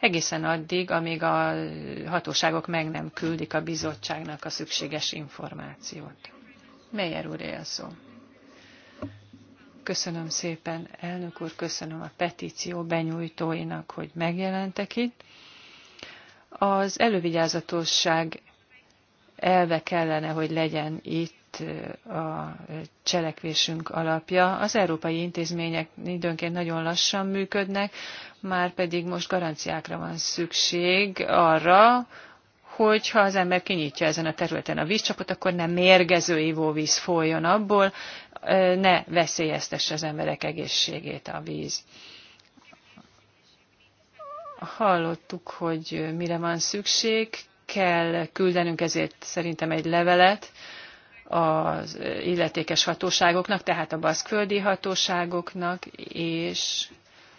egészen addig, amíg a hatóságok meg nem küldik a bizottságnak a szükséges információt. Melyer úr él szó. Köszönöm szépen, elnök úr, köszönöm a petíció benyújtóinak, hogy megjelentek itt. Az elővigyázatosság elve kellene, hogy legyen itt lett a cselekvésünk alapja. Az európai intézmények időnként nagyon lassan működnek, már pedig most garanciákra van szükség arra, hogy ha az ember kinyitja ezen a területen a vízcsapot, akkor nem mérgező ivóvíz folyjon abból, ne veszélyeztesse az emberek egészségét a víz. Hallottuk, hogy mire van szükség, kell küldenünk ezért szerintem egy levelet az illetékes hatóságoknak, tehát a baszkföldi hatóságoknak, és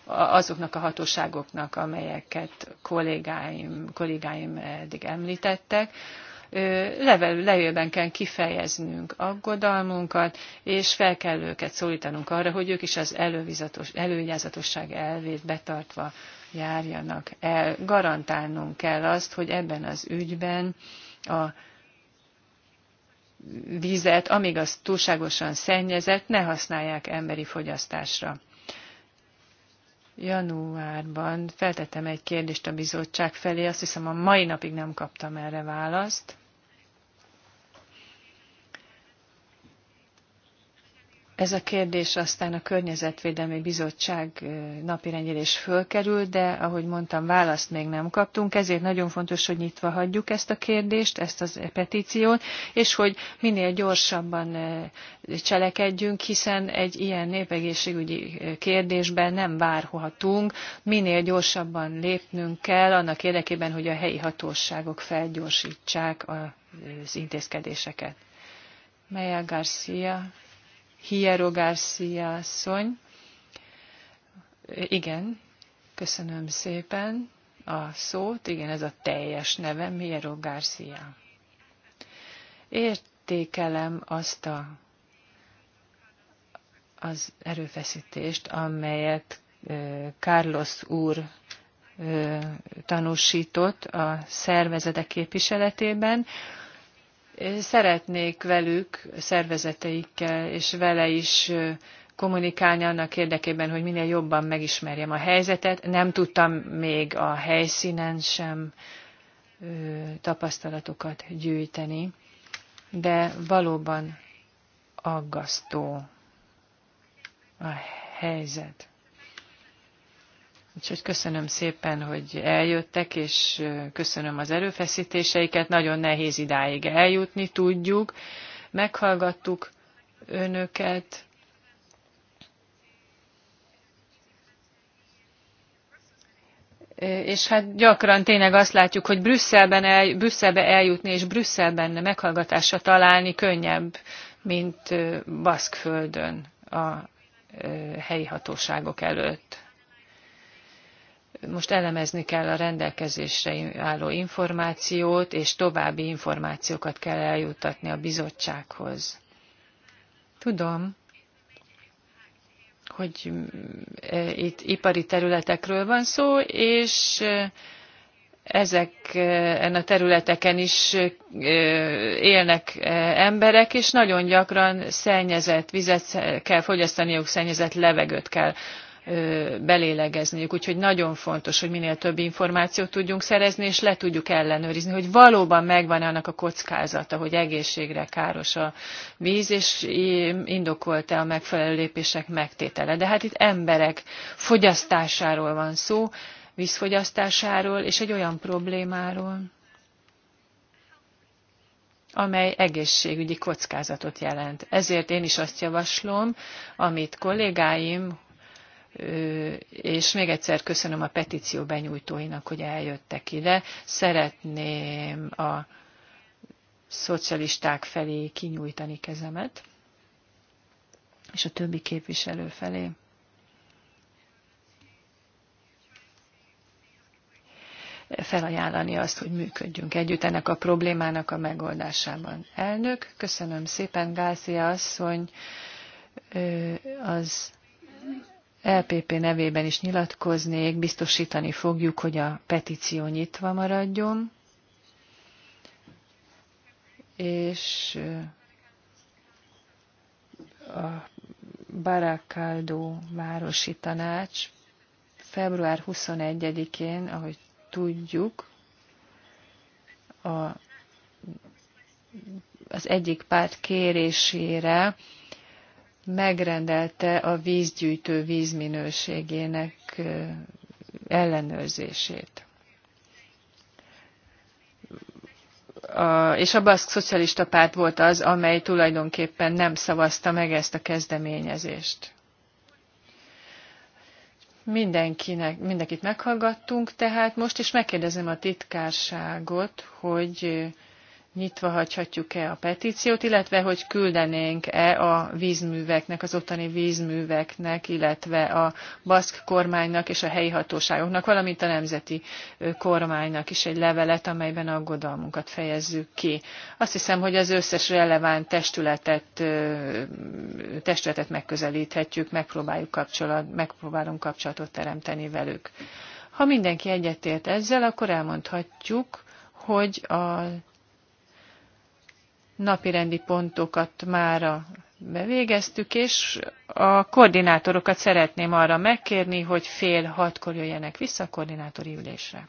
azoknak a hatóságoknak, amelyeket kollégáim, kollégáim eddig említettek. levélben kell kifejeznünk aggodalmunkat, és fel kell őket szólítanunk arra, hogy ők is az elővigyázatosság elvét betartva járjanak el. Garantálnunk kell azt, hogy ebben az ügyben a vizet, amíg az túlságosan szennyezett, ne használják emberi fogyasztásra. Januárban feltettem egy kérdést a bizottság felé, azt hiszem a mai napig nem kaptam erre választ. Ez a kérdés aztán a Környezetvédelmi Bizottság napirendjére is fölkerül, de ahogy mondtam, választ még nem kaptunk, ezért nagyon fontos, hogy nyitva hagyjuk ezt a kérdést, ezt a petíciót, és hogy minél gyorsabban cselekedjünk, hiszen egy ilyen népegészségügyi kérdésben nem várhatunk, minél gyorsabban lépnünk kell annak érdekében, hogy a helyi hatóságok felgyorsítsák az intézkedéseket. Maya Garcia Hierro Garcia asszony. Igen, köszönöm szépen a szót. Igen, ez a teljes nevem, Hierro Garcia. Értékelem azt a, az erőfeszítést, amelyet Carlos úr tanúsított a szervezetek képviseletében. Szeretnék velük, szervezeteikkel és vele is kommunikálni annak érdekében, hogy minél jobban megismerjem a helyzetet. Nem tudtam még a helyszínen sem tapasztalatokat gyűjteni, de valóban aggasztó a helyzet. Úgyhogy köszönöm szépen, hogy eljöttek, és köszönöm az erőfeszítéseiket. Nagyon nehéz idáig eljutni, tudjuk. Meghallgattuk önöket. És hát gyakran tényleg azt látjuk, hogy Brüsszelben el, Brüsszelbe eljutni és Brüsszelben meghallgatásra találni könnyebb, mint Baszkföldön a helyi hatóságok előtt most elemezni kell a rendelkezésre álló információt, és további információkat kell eljuttatni a bizottsághoz. Tudom, hogy e, itt ipari területekről van szó, és e, ezeken e, a területeken is élnek emberek, és nagyon gyakran szennyezett vizet kell fogyasztaniuk, szennyezett levegőt kell belélegezniük. Úgyhogy nagyon fontos, hogy minél több információt tudjunk szerezni, és le tudjuk ellenőrizni, hogy valóban megvan e annak a kockázata, hogy egészségre káros a víz, és indokolta a megfelelő lépések megtétele. De hát itt emberek fogyasztásáról van szó, vízfogyasztásáról, és egy olyan problémáról, amely egészségügyi kockázatot jelent. Ezért én is azt javaslom, amit kollégáim, és még egyszer köszönöm a petíció benyújtóinak, hogy eljöttek ide. Szeretném a szocialisták felé kinyújtani kezemet, és a többi képviselő felé. felajánlani azt, hogy működjünk együtt ennek a problémának a megoldásában. Elnök, köszönöm szépen, Gázia asszony, az LPP e nevében is nyilatkoznék, biztosítani fogjuk, hogy a petíció nyitva maradjon, és a Barakaldó Városi Tanács február 21-én, ahogy tudjuk, a, az egyik párt kérésére megrendelte a vízgyűjtő vízminőségének ellenőrzését. A, és a Baszk Szocialista Párt volt az, amely tulajdonképpen nem szavazta meg ezt a kezdeményezést. Mindenkinek, mindenkit meghallgattunk, tehát most is megkérdezem a titkárságot, hogy nyitva hagyhatjuk-e a petíciót, illetve hogy küldenénk-e a vízműveknek, az ottani vízműveknek, illetve a baszk kormánynak és a helyi hatóságoknak, valamint a nemzeti kormánynak is egy levelet, amelyben aggodalmunkat fejezzük ki. Azt hiszem, hogy az összes releváns testületet, testületet megközelíthetjük, megpróbáljuk kapcsolat, megpróbálunk kapcsolatot teremteni velük. Ha mindenki egyetért ezzel, akkor elmondhatjuk, hogy a napirendi pontokat mára bevégeztük, és a koordinátorokat szeretném arra megkérni, hogy fél hatkor jöjjenek vissza a koordinátori ülésre.